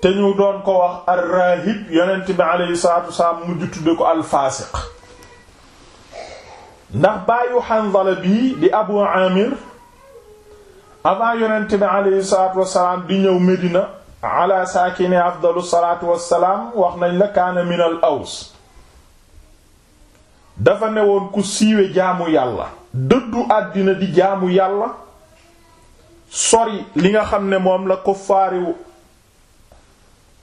te ñu doon ko wax ar-raahib yonent bi aleyhi salaatu wasalaam mujj tudde ko al-faasiq ndax bàyyu Hanzala bii di Abu Amir avant yonent bi aleyhi salaatu wasalaam di ñëw Medina ala saakini afdalu salaatu wassalaam wax nañ la kaana min al aws dafa newoon ku siiwe jaamu yàlla dëddu àddina di jaamu yàlla sori li nga xam ne moom la ko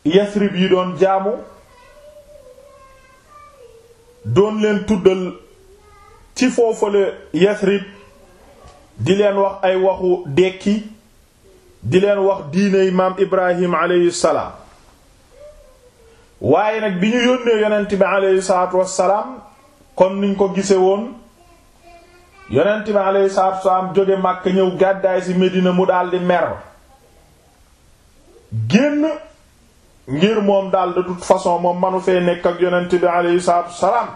yasrib yi doon jaamu doon leen tuddal ci foofale yasrib di leen wax ay waxu dekki di leen wax diiney maam ibrahim aleyhi salaam waaye nag bi ñu yónnee yonent bi aleyhi salaatu wassalaam niñ ko gise woon yonent bi aleyhi salaatu wassalaam jóge Makka ñëw gàddaay ci Medina mu daldi mer ngir moom daal de toute façon moom manu fee nekk ak yonent bi aleyhi salaatu wasalaam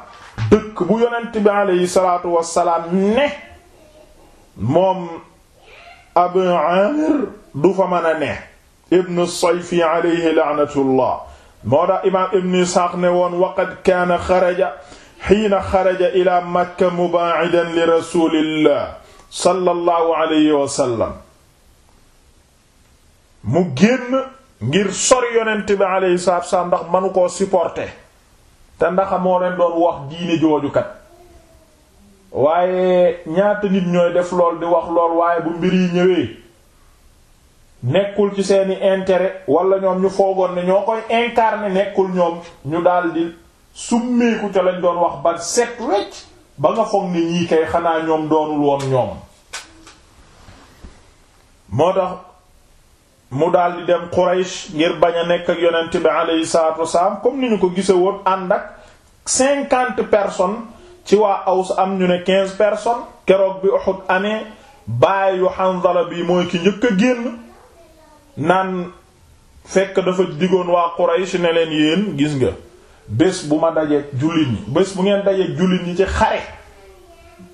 bu yonent bi aleyhi salaatu wasalaam ne moom Abu Amir du fa mana a ne ibnu Sayfi aleyhi laanatullah moo tax imaam ibnu Isxaaq ne woon waqad kaana xaraja xiina xaraja ila Makka mubaa'idan li rasulillah sallallahu alayhi wa sallam mu génn ngir sori yonent bi alayhi salaatu wa salaam ndax manu koo supporter te ndaxa moo leen doon wax diine joojukat waaye ñaata nit ñooy def lool di wax lool waaye bu mbir yi ñëwee nekkul ci seeni intérêt walla ñoom ñu foogoon ne ñoo koy incarner nekkul ñoom ñu daldi summeeku ca lañ doon wax ba set wecc ba nga foog ni ñii kay xanaa ñoom doonul woon ñoom moo tax mu daal di dem Quraysh ngir bañ a nekk ak yonent bi alayhi salaatu wasalaam comme ni ñu ko gise woon ànd ak cinquante personnes ci waa Aws am ñu ne quinze personnes keroog bi Uhud amee bàyyi yu Hanzala bi mooy ki njëkk a génn naan fekk dafa digoon waa Quraysh ne leen yéen gis nga bés bu ma dajeeg jullit ñi bés bu ngeen dajeeg jullit ñi ci xare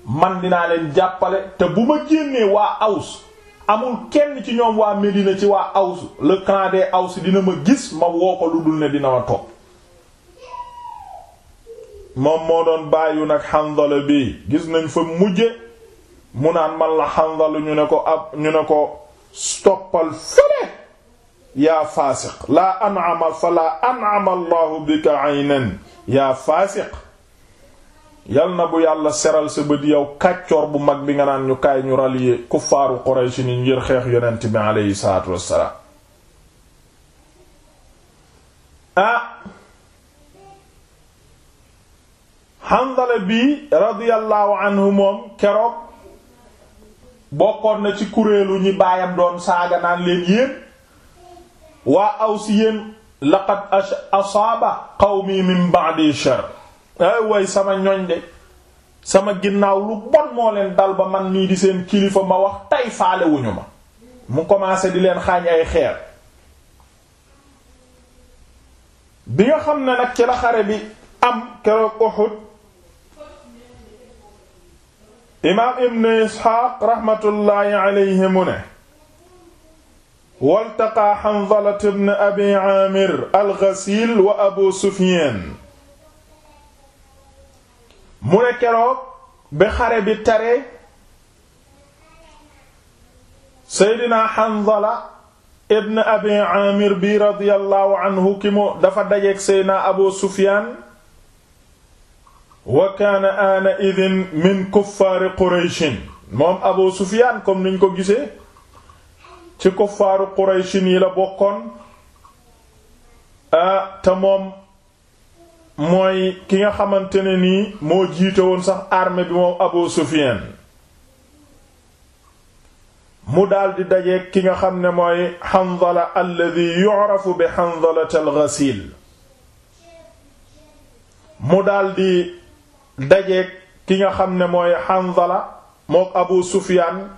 man dinaa leen jàppale te bu ma génnee waa Aws amul kenn ci ñoom waa Médina ci waa Aws le clan des dina ma gis ma woo ko dul ne dina ma topp moom moo doon bàyyu nag Hanzala bi gis nañ fa mujje mu naan man la Hanzala ñu ne ko ab ñu ne ko stoppal fële yaa faasiq laa an'ama fa laa an'ama Allahu bika aynan yaa faasiq yal na bu yàlla seral sa bët kàccoor bu mag bi nga naan ñu kaay ñu rallier kuffaaru Quraysh ni ngir xeex yonent bi aleyhi salaatu wassalaam ah Handala bi radiyallahu anhu moom keroog bokkoon na ci kuréelu ñi doon saaga naan leen yéen waa aw si yéen laqad asaaba qawmi min ba'di shar ay way sama ñoñ de sama ginnaaw lu bon moo leen dal ba man nii di seen kilifa ma wax tey faalewuñu ma mu commencé di leen xaañ ay xeer bi nga xam ne nag ci la xare bi am keroog Uhud imaam ibn Isxaaq raxmatullaahi mu ne waltaqaa Hanzala ibn Abi Aamir al-Ghasiil wa Abu Sufyaan mu ne keroog ba xare bi tare seydina Hanzala ibn abi amir bi radiyallahu anhu ki mu dafa dajeeg seydina Abu Sufyaan wa kaana aana idin min kuffaari qurayshin moom Abu Sufyaan comme niñ ko gise ci kuffaaru qurayshin yi la bokkoon a ah, moom mooy ki nga xamante ne nii moo jiite woon sax armée bi moom Abu Sufyan mu daldi dajeek ki nga xam ne mooy Hanzala alladhi yu'rafu bi Hanzalata al-Ghasil mu daldi dajeek ki nga xam ne mooy Hanzala mook Abu Sufyan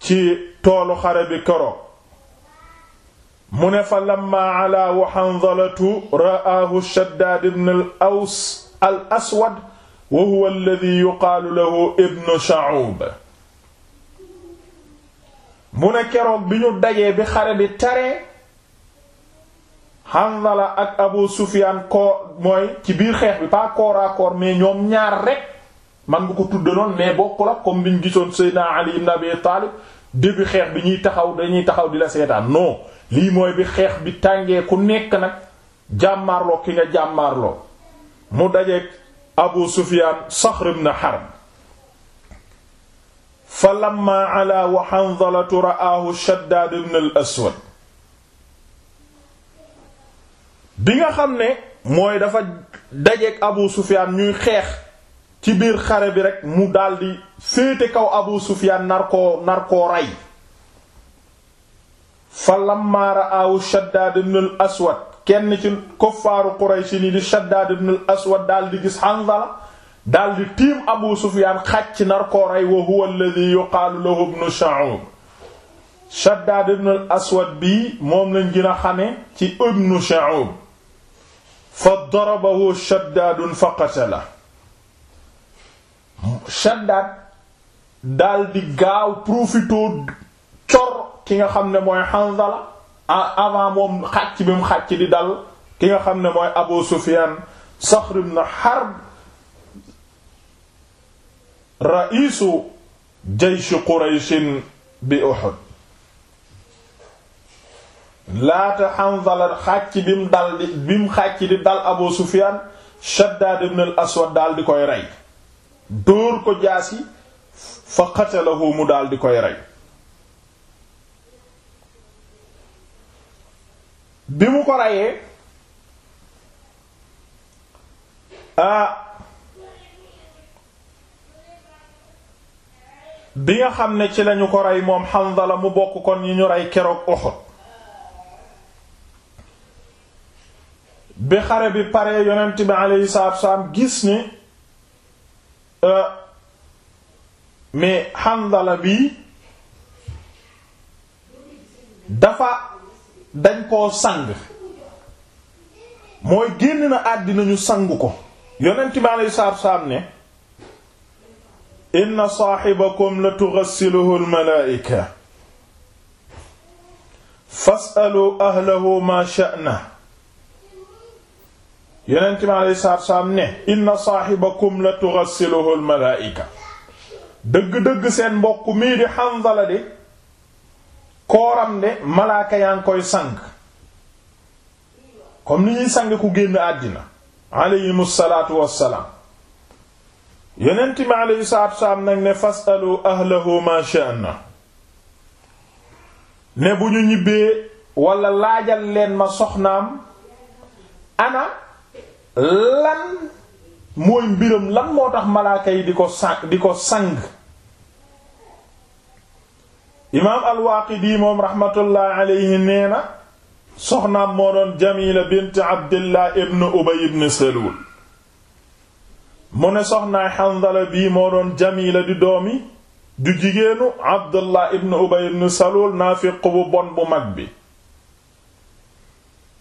ci toolu xare bi keroog mu ne fa lamma alaa wa Hanzalatu ra'aahu Shaddaad ibn al aswad wa huwa alladhi yuqaalu lahu ibnu Sha'uub mu ne keroog bi ñu dajee bi xare bi tare Hanzala ak Abu Sufyaan koo mooy ci biir xeex bi pas corps à ñoom ñaar rek man bu ko tuddanoon mais bokkul ak comme bi ñu gisoon Seydina Ali ibn Abi Taalib début xeex bi ñuy taxaw dañuy taxaw di la seetaan non lii mooy bi xeex bi tàngee ku nekk nag jàmmaarloo ki nga jàmmaarloo mu dajeeg abu sufiyaan saxr ibn harb fa lamma ala wa shaddaad ibn aswad bi nga xam ne mooy dafa dajeeg abu sufiyaan ñuy xeex ci biir xare bi rek mu daldi féete kaw abu sufiyaan nar koo rey fa lammaa ra'aawu Shaddaad ibn al-Aswad kenn ci kuffaaru Quraysh ni di Shaddaad ibn al-Aswad daal di gis Hanzala daal di tiim Abu Sufyaan xàcc nar koo rey wa huwa alladhii yuqaalu lahu ibn Sha'uub Shaddaad ibn al-Aswad bii moom lañ gën a xame ci ibn Sha'uub fa darabahu Shaddaad fa qatalahu Shaddaad daal di gaaw profitoo cor ki nga xam ne mooy Hanzala avant moom xàcc bi mu xàcc di dal ki nga xam ne mooy Abu Sufyan Saxr ibn Harb ra'isu jaysh Quraysh bi Uhud laata Hanzala xàcc bi dal di bi mu xàcc di dal Abu Sufyan Shaddad ibn aswad daal di koy rey dóor ko jaasi fa qatalahu mu daal di koy rey bi mu ko rayee bi nga xam ne ci lañu ko rey moom Hanzala mu bokk kon yi ñu rey keroog Uhud bi xare bi pare yonent bi alayhi salaatu wassalaam gis ni mais Hanzala bi dafa dañ koo sang mooy génn na àddina ñu sang ko yonent bi alayhi salaatu wassalaam ne inna saahibakum la tughassiluhu al-malaa'ika fas'alu ahlahu ma sha'na yonent bi alayhi salaatu wassalaam ne inna saahibakum la tughassiluhu al dëgg-dëgg seen mbokk mii di Hanzala de kooram de malaaka yaa ngi koy sang comme ni ñuy sang ku génn àddina aleyhim salaatu wassalaam yonent mi aleyhi salaatu wassalaam nag ne fasalu ahlahu ma sha'na ne bu ñu ñibbee walla laajal leen ma soxnaam ana lan mooy mbiram lan moo tax malaaka yi di ko sang di ko sang imaam al-Waaqidi moom raxmatullaahi alayhi nee na soxnaam moo doon Jamiila bint Abdillah ibn Ubay ibn Salul mu ne soxnaay Hanzala bii moo Jamiila di doomi du jigéenu Abdullah ibn Ubay ibn Salul naafiq bu bon bu mag bi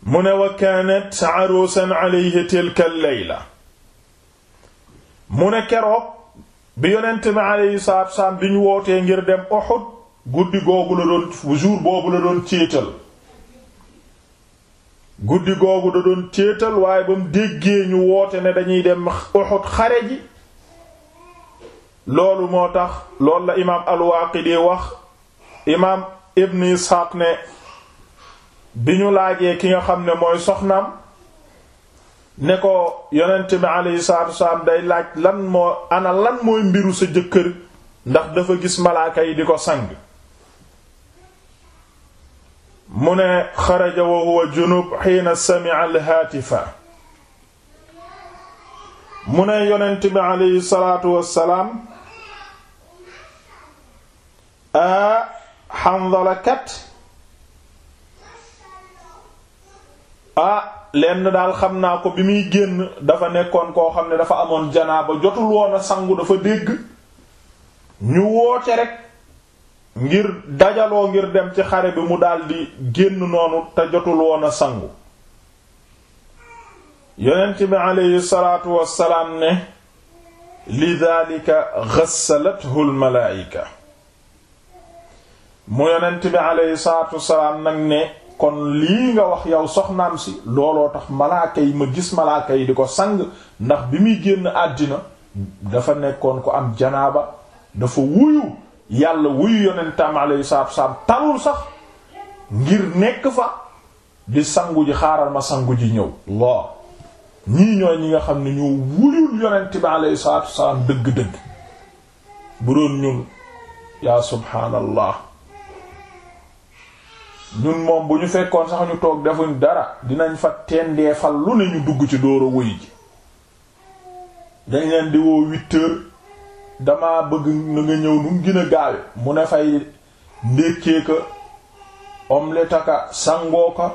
mu ne wa kaanat aruusan alayhi tilka layla mu ne keroog bi yonent bi alayhi salaatu wa wootee ngir dem Uhud guddi googu la doon jour boobu la doon céetal guddi googu da doon céetal waaye ba mu déggee ñu woote ne dañuy dem Uhud xare ji loolu moo tax loolu la imaam al-Waaqidi wax imaam Ibn Ishaq ne bi ñu laajee ki nga xam ne mooy soxnaam ne ko yonent bi alayhi salaatu wasalaam day laaj lan moo ana lan mooy mbiru sa jëkkër ndax dafa gis malaaka yi di ko sang mu ne xaraja wa huwa junub xiina sami'a alhaatifa mu ne yonent bi aleyhi salaatu wassalaam a xandalakat ah lenn daal xam naa ko bi muy génn dafa nekkoon koo xam ne dafa amoon janaaba jotul woon a sangu dafa dégg ñu woote rek ngir dajaloo ngir dem ci xare bi mu daldi génn noonu te jotul woon a sangu yonent bi aleyhi salaatu wassalaam ne lidaalika ghassalathu almalaayika mu yonent bi aleyhi salaatu wassalaam nag ne kon lii nga wax yow soxnaam si looloo tax malaaka yi ma gis malaaka yi di ko sang ndax bi muy génn àddina dafa nekkoon ko am janaaba dafa wuyu yàlla wuyu yonentam alayhi salaatu wasalaam talul sax ngir nekk fa di sangu ji xaaral ma sangu ji ñëw loo ñii ñooy ñi nga xam ne ñoo wuyul yonent bi alayhi salaatu wasalaam dëgg-dëgg bu doon ñun yaa subhaanallah ñun moom bu ñu fekkoon sax ñu toog defuñ dara dinañ fa tendeefal lu ne ñu dugg ci door wuy ji dañ leen di woo huit dama bëgg na nga ñëw nu mu gën a gaawe mu ne fay ndékkee ka omelette aka sangoo ka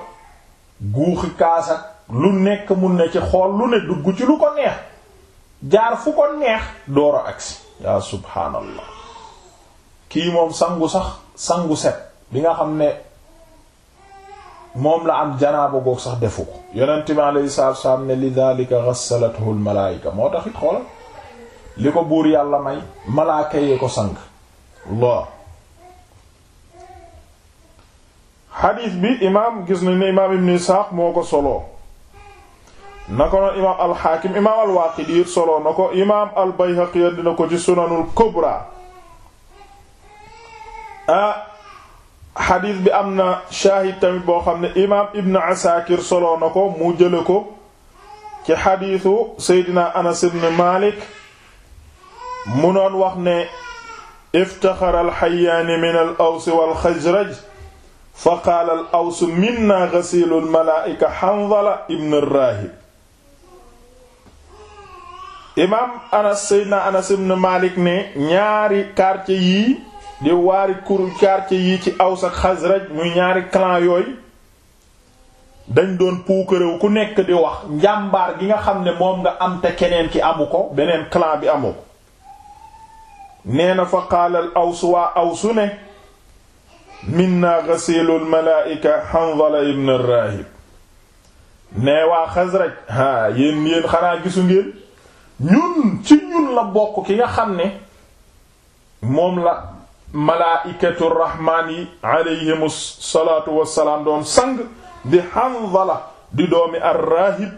guuxi kaasak lu nekk mun na ci xool lu ne dugg ci lu ko neex jaar fu ko neex door a agsi yaa subhaanallah kii moom sangu sax sangu set bi nga xam ne moom la am janaaba goog sax defu ko yonent bi alayhi salaatu wa salaam ne li daalika ghassalathu al moo taxit xoolal li ko buur yàlla may malaaka yee ko sang Allah xadiis bi imaam gis nañ ne imaam ibn Isaaq moo ko soloo na ko noon imaam alxaakim imaam alwaaqidi it soloo na ko imaam albayhaqi ya dina ko ci sunanul kubra ah bi am na shaahid tamit boo xam ne imaam ibn Asaakir soloo na ko mu jële ko ci xadiisu seydina Anas ibn Maalik mu noon wax ne iftaxara alxayaani min al aws walxajraj fa qaala al aws minna gasilu lmalaaika xandala ibn raahib imaam anas seydna anas ibn malik ne ñaari quartier yii di waari kuru quartier yii ci aws ak xasraj muy ñaari clan yooyu dañ doon puukaréew ku nekk di wax njàmbaar gi nga xam ne moom nga am te keneen ki amu ko beneen clan bi amu ko nee na fa qaala al aws waa awsu ne minna gasilu lmalaika Hanzala ibn rahib ne waa Xasraj a yéen yéen xanaa gisu ngeen ñun ci ñun la bokk ki nga xam ne moom la malaikatu rahmaan yi alayhim salaatu wassalaam doon sang di Hanzala di doomi ar rahib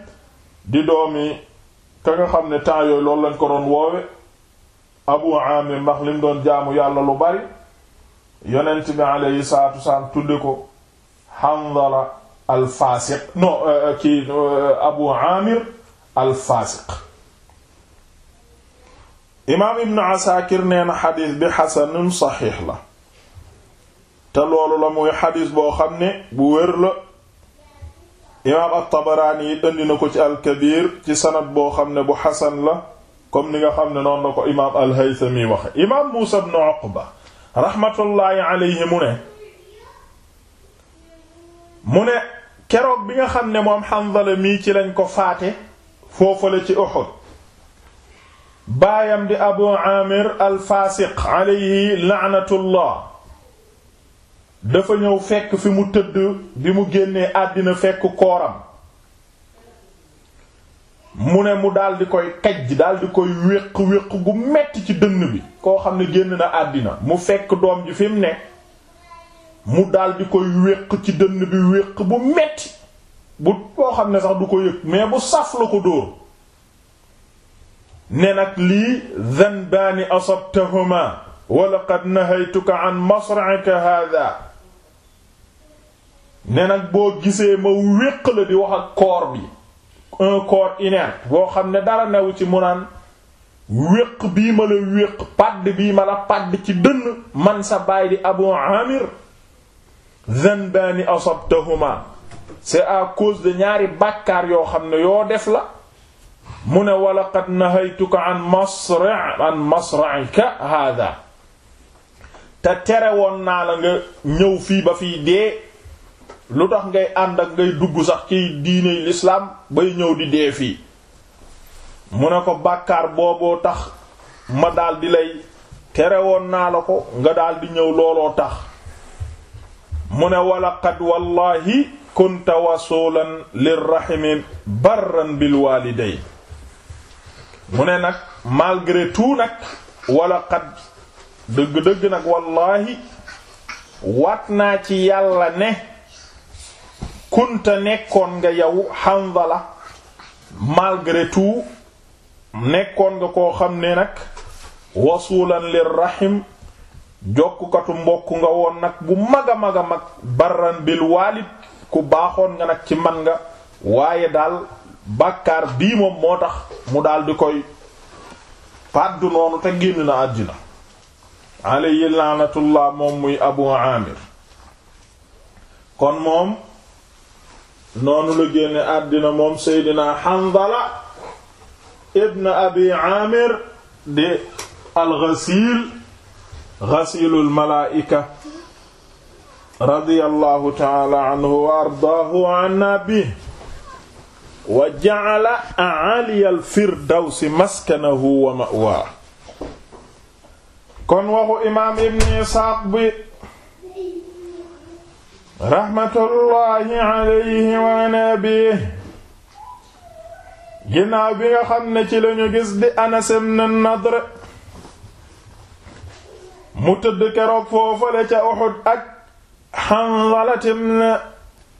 di doomi ka nga xam ne temps yooyu loolu lañ ko doon woowe abu amir ndax lim doon jaamu yàlla lu bari yonent bi alayhi salaatu wasalaam tudde ko Handala al faasiq non euh, euh, kii euh, abu amir al imaam ibn asaakir nee na bi xasanun saxiix la te loolu la muy xadis boo xam ne bu wér la imaam at-Tabaraani yi indi na ko ci al-Kabiir ci sanad boo xam ne bu xasan la comme ni nga xam ne noonu la ko imaam al-Haythami waxe imaam Muusa ibn Uqba rahmatullahi alayhi mu ne mu ne keroog bi nga xam ne moom Hanzala mii ci lañ ko faate foofale ci Uhud baayam di Abu Amir al-Fasiq alayhi la'natullah dafa ñëw fekk fi mu tëdd bi mu génnee àddina fekk kooram mu ne mu daldi koy kajj daal di koy wéq wéq gu metti ci dënn bi koo xam ne génn na àddina mu fekk doom ji fi mu ne mu daldi di koy wéq ci dënn bi wéq bu metti bu koo xam ne sax du ko yëg mais bu saf la ko dóor ne nag lii dhanbaani asabtahuma wa laqad nahaytuka an masra'ika hadha ne nag boo gisee ma wéq la di wax ak koor bi un inerte boo xam ne dara newu ci mu naan wéq bii ma la wéq padd bii ma la padd ci dënn man sa baay di Abu Amir zanbaani asabtahuma c'est à cause de ñaari bàkkaar yoo xam ne yoo def la mu ne walla qad nahaytuka an masra' an masra'ika hada te tere woon naa la nga ñëw fii ba fii dee lu tax ngay ànd ak ngay dugg sax ci diine lislaam bay ñëw di dee mu ne ko bàkkaar booboo tax ma daldi lay tere woon naa la ko nga daldi ñëw looloo tax mu ne walaqad wallahi kunta wasulan lirrahimi barran bil walidayn mu ne nag malgré tout nag walaqad dëgg-dëgg nag wallahi wat naa ci yàlla ne kunta nekkoon nga yow Hanzala malgré tout nekkoon nga koo xam ne nag wasulan lir rahim jokkukatu mbokk nga woon nag bu mag a mag a mag ku baaxoon nga nag ci man nga waaye daal bàkkaar bii moom moo tax mu daal di koy pàddu noonu te génn na àddina alayhi laanatullah moom muy abu amir kon moom noonu la génne àddina moom seydina Hanzala ibn abi aamir di al-Ghasiil Ghasiilul Malaa'ika radiyallahu ta'ala anhu wa ardaahu wa anna bihi wa ja'ala a'aaliyal firdawsi maskanahu wa ma'waahu kon waxu imaam ibn Isxaaq bi raxmatullaahi alayhi wa nabi ginnaaw bi nga xam ne ci lañu gis di Anas ibn Nadr mu tëdd keroog foofale ca Uhud ak Hanzala ibn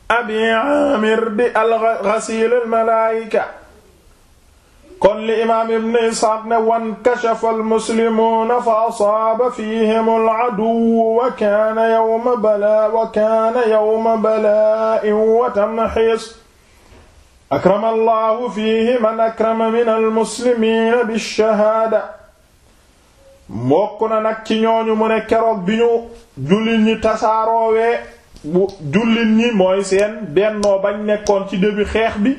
Abi Aamir di al-Ghasiil al-Malaa'ika kon li imaam ibn Isxaaq ne wan kashafa fa asaaba fihim aladuwu wa kaana yawma balaa wa kaana yawma balaa'in wa tamxiis akrama allahu fihi man akrama min almuslimiina bishahaada mbokk na nag ci ñooñu mu ne keroog bi ñu jullit ñi tasaaroowee bu jullit ñi mooy seen bennoo bañ nekkoon ci début xeex bi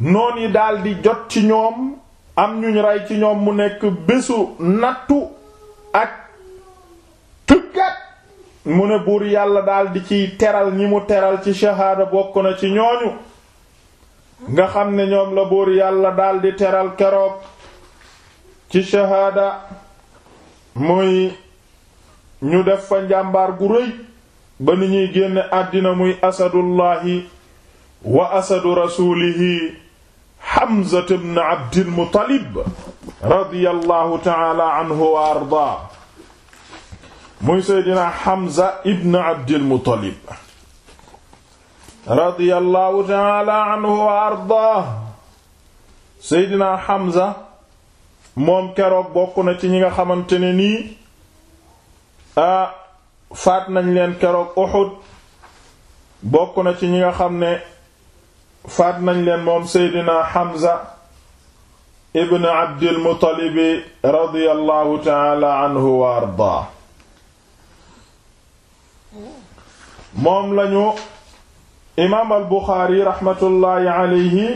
noon yi daldi jot ci ñoom am ñu rey ci ñoom mu nekk bésu nattu ak tuggat mu ne buur yàlla daldi ciy teral ñi mu teral ci shahaada bokk na ci ñooñu nga xam ne ñoom la buur yàlla daldi teral keroog ci shahaada muy ñu def fa njàmbaar gu rëy ba ni ñuy génne àddina muy asadullahi wa asadu rasuulihi Hamza ibn Abdil Muttalib radiyallahu ta'ala anhu wa ardaa muy Seydina Hamza ibn Abdil Muttalib radiyallahu ta'ala anhu wa ardaa Seydina Hamza moom keroog bokk na ci ñi nga xamante ne nii a faat nañ leen keroog Uhud bokk na ci ñi nga xam ne faat nañ leen moom seydina Hamza ibn Abdil Muttalibi radiyallahu taala anhu wa ardaa moom lañu imaam al Buxaari raxmatullaahi alayhi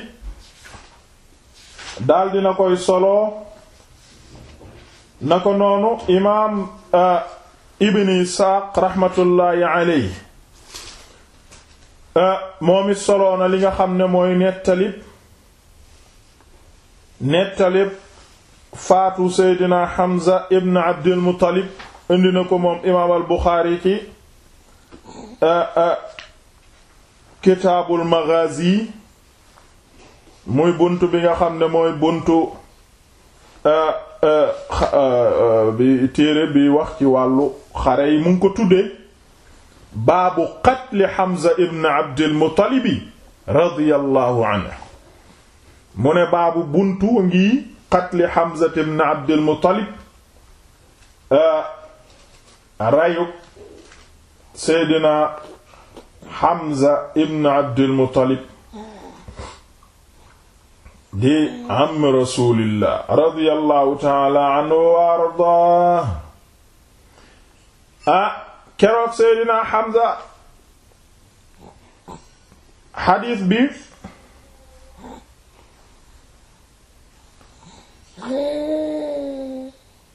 daal dina koy solo nako noonu imaam uh, ibn Isaaq raxmatullaahi alayhi Ah, moom it soloo na li nga xam ne mooy nettalib nettalib faatu seydina Hamza ibn Abdul Muttalib indi na ko moom imaam al Buxaari ci ah, ah, kitaabul maghazi muy buntu bi nga xam ne mooy buntu téere bi wax ci wàllu xare yi mu ngi ko tuddee baabu qatli Hamza ibn Abdil Muttalibi radiyallahu anhu mu ne baabu buntu ngi qatli Hamza ibn Abdil Muttalib eh, rayu Seydina Hamza ibn Abdil Muttalib di am rasulillah radiyallahu ta'ala anhu wa ardaa ah, keroog Seydina Hamza xadiis bi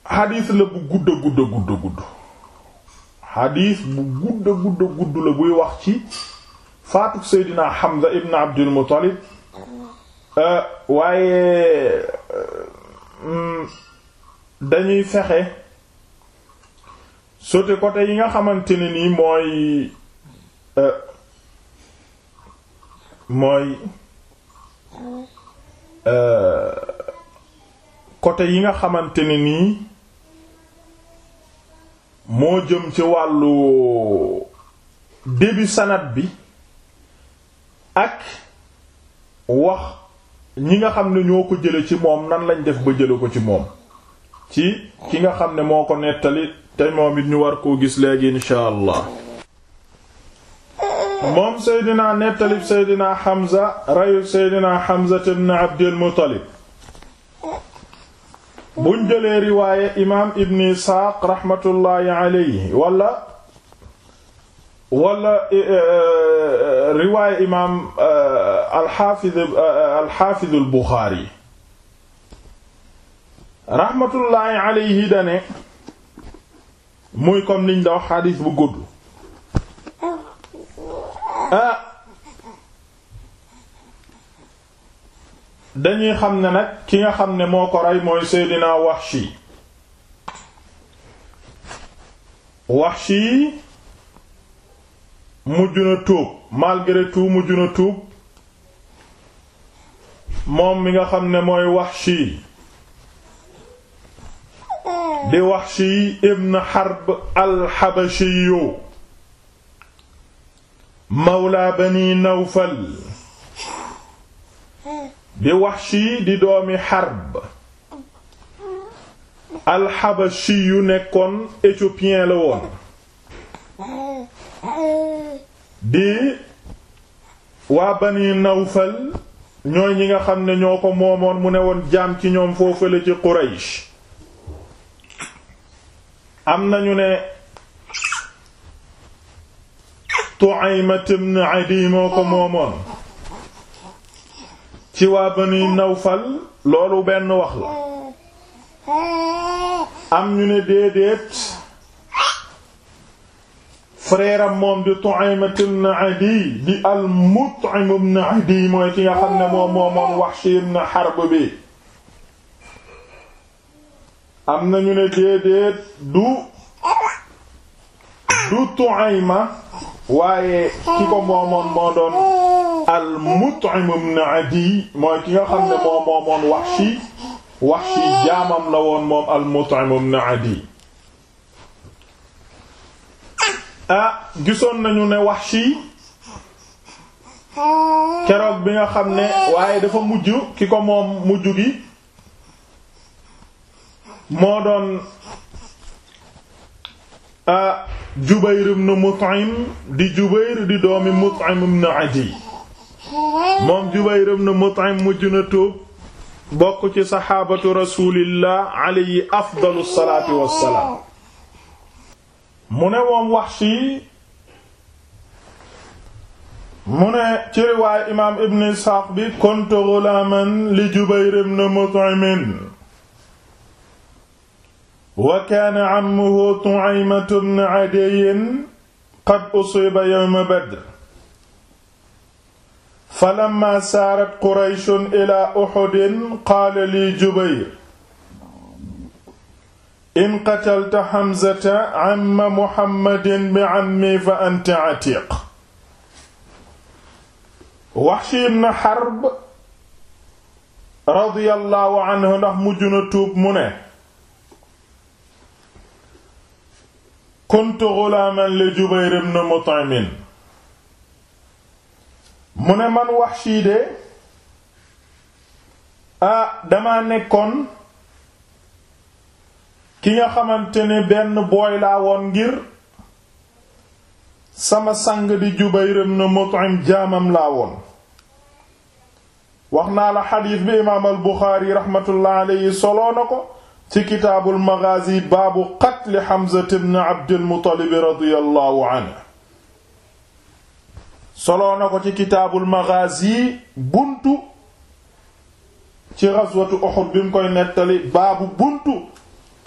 xadiis la bu gudd a gudd a gudd a gudd xadiis bu gudd a gudd a gudd la buy wax ci faatu Seydina Hamza ibn Abdul Muttalib euh, waaye euh, mm, dañuy fexe sote côté yi nga xamante ne nii mooy euh, mooy euh, côté yi nga xamante ni nii moo jëm ci wàllu début sanad bi ak wax ñi nga xam ne ñoo ko jële ci moom nan lañ def ba jële ko ci moom ci ki nga xam ne moo ko nettali te moom it ñu war koo gis léegi incha allah moom seydinaa nettalib seydinaa Hamza reyub seydinaa Hamza ibn Abdil Muttalib buñ jëlee riwaaye ibn Isxaaq raxmatullaahi alayhi wala wala e, e, e, riwaaye imaam alxaafiz alxaafiz al Buxaari raxmatullaahi alayhi dane muy comme liñ la wax bu gudd ah dañuy xam ne nag ki nga xam ne moo ko rey mooy Seydina Wahshi Wahshi mujj na tuub malgré mujj na tuub moom mi nga xam ne mooy wax Wahshi di Wahshi ibn Harb al-Habashi mawla Bani Nawfal di Wahshi di doomi Harb al yu nekkoon éthiopien la woon di waa Bani Nawfal ñooy ñi nga xam ne ñoo ko moomoon mu ne woon jaam ci ñoom foofale ci Quraysh am nañu ne Tu'aymat ibn Adiy moo ko moomoon ci waa Bani Nawfal loolu benn wax la am ñu ne déedéet frère moom di Tu'aymat ibn Adiy di al-Mut'im ibn mooy ki nga xam ne moom moomoon Wahshi ibn Harb bi am na ñu ne déedéet du du Tu'ayma waaye ki ko moomoon moo doon al-Mut'im ibn Adi mooy ki nga xam ne moo moomoon Wahshi Wahshi jaamam la woon moom al-Mut'im ibn ah gisoon nañu ne wax Wahshi keroog bi nga xam ne waaye dafa mujj ki ko moom mujj gi moo doon a Jubayr ibn Mut'im di Jubayr di doomi Mut'im ibn Adiy moom Jubayr ibn Mut'im mujj na tuub bokk ci saxaabatu rasulillah alayhi afdalu salaatu wassalaam mu ne moom Wahshi mu ne ci riwaaya imaam Ibn Isxaaq bi kuntu ghulaaman li Jubayr ibn Mut'im wa kaana ammuhu Tu'aymatu ibn Adiyin qad usiba yawma Badr falammaa saarat Qurayshun ilaa Uhudin qaala lii Jubayr in qatalta Hamzata amma Muhammadin bi'ammi fa anta atiiq Wahshi ibn Harb radiyallahu anhu ndax mujj na tuub mu ne kuntu ghulaman li Jubayr ibn Mut'im mu ne man Wahshi de ah dama nekkoon ki nga xamante ne benn booy laa woon ngir sama sang di Jubayr ibn Mut'im jaamam laa woon wax naa la xadiis bi imaam al Buxaari raxmatullaahi alayhi soloo na ko ci kitaabul maghazi baabu qatli Hamza ibn Abdul Muttalib radiyallahu anhu soloo na ko ci kitaabul maghazi buntu ci ghazwatu Uhud bi mu koy nettali baabu buntu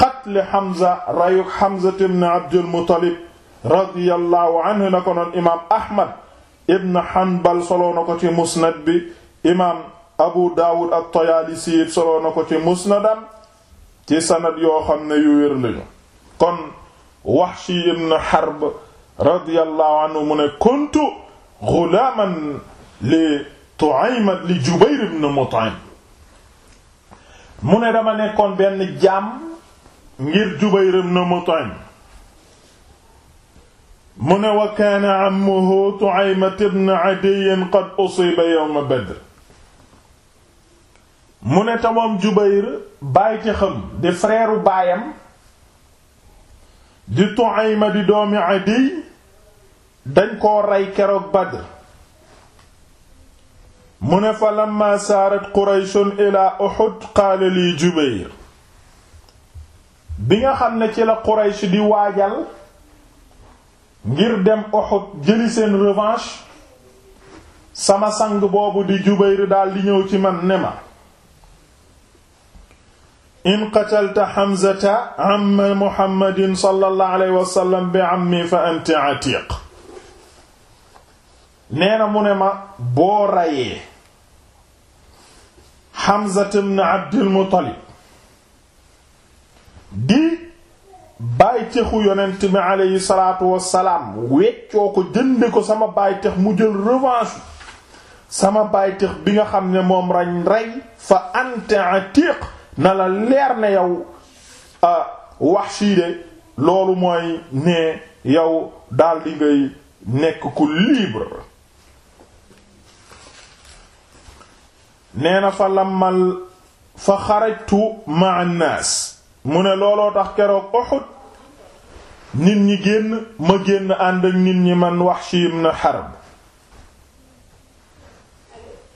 qatli Hamza rayu Hamza ibn Abdul Muttalib radiyallahu anhu na ko noon imaam Ahmad ibn Hanbal soloo na ko ci musnad bi imaam Abu Dawud at-Tayalisi soloo na ko ci musnadam ci sanad yoo xam ne yu wér lañu kon Wahshi ibn Harb radiyallahu anhu mu ne kuntu ghulaman li Tu'ayma li Jubayr ibn Mut'im mu ne dama nekkoon benn jaam ngir Jubayr ibn Mut'im mu ne wa kaana ammuhu Tu'ayma ibn Adiy qad usiba yawma Badr mu ne tamoom Jubayr baay ci xam di frère baayam di Tuayma di doomi Adiy dañ ko rey keroog Badr mu ne fa lamma saarat Qurayshun ila Uhud qaala li Jubayr bi nga xam ne ci la Quraysh di waajal ngir dem Uhud jëli seen revanche sama sang boobu di Jubayr daal di ñëw ci man ne ma in qatalta Hamzata amma Muhammadin sallallahu alayhi wa sallam bi ammi fa anta atiq nee na mu ne ma boo rayee Hamzata ibn Abdul Muttalib di bàyyi texu yonent mi aleyhi salaatu wa salaam weccoo ko jënde ko sama bàyyi tex mu jël revanche sama bàyyi tex bi nga xam ne moom rañ rey fa anta atiq na la leer ne yow ah, wax sii de loolu mooy ne yow daldi ngay nekk ku libre nee na fa lamal fa xarajtu ma naas mu ne looloo tax keroog Uhud nit ñi génn ma génn ànd ak nit ñi man Wahshi na Harb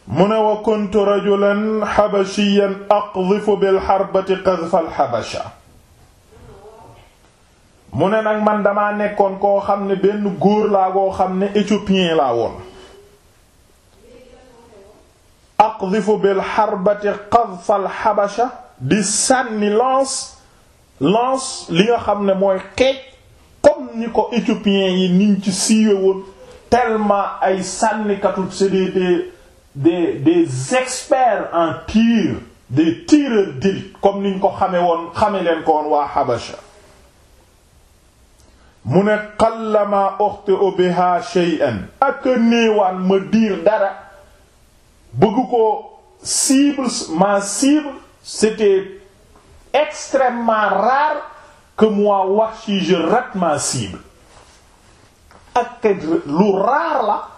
mu ne wa kuntu rajulan xabashiyan aqdhifu bil xarbati qadhfa al mu ne nag man dama nekkoon koo xam ne benn góor laa koo xam ne éthiopien laa woon aqdhifu bil xarbati qadhfa al di sànni lance lance li nga xam ne mooy xeej comme ni ko éthiopien yi niñ ci siiwe woon tellement ay sànnikatu c'est des des experts en tir des tireurs d'élite comme niñ ko xame woon xame leen ko woon waa Habasha mu ne qallama ukhtu biha shay'an ak néewaan ma diir dara bëgg ko cible ma cible c'était extrêmement rare que moi Wahshi je rate ma cible ak lu rare la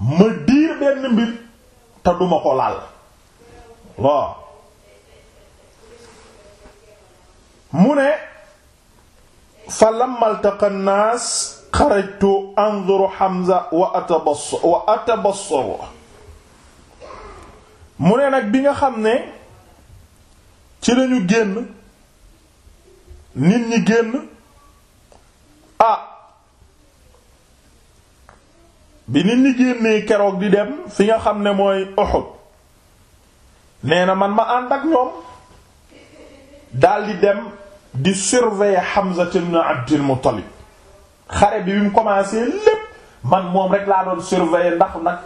ma diir benn mbir te duma ko laal waaw mu ne fa lamma altaqa an-naas xarajtu wa atabas wa atabassaru mu ne nag bi nga xam ne ci lañu génn nit ñi génn ah bi nit ñi ne keroog di dem fi nga xam ne mooy Uhud nee na man ma ànd ak ñoom di dem di surveiller Hamza ibn Abdul Muttalib xare bi bi mu commencé lépp man moom rek laa doon surveiller ndax nag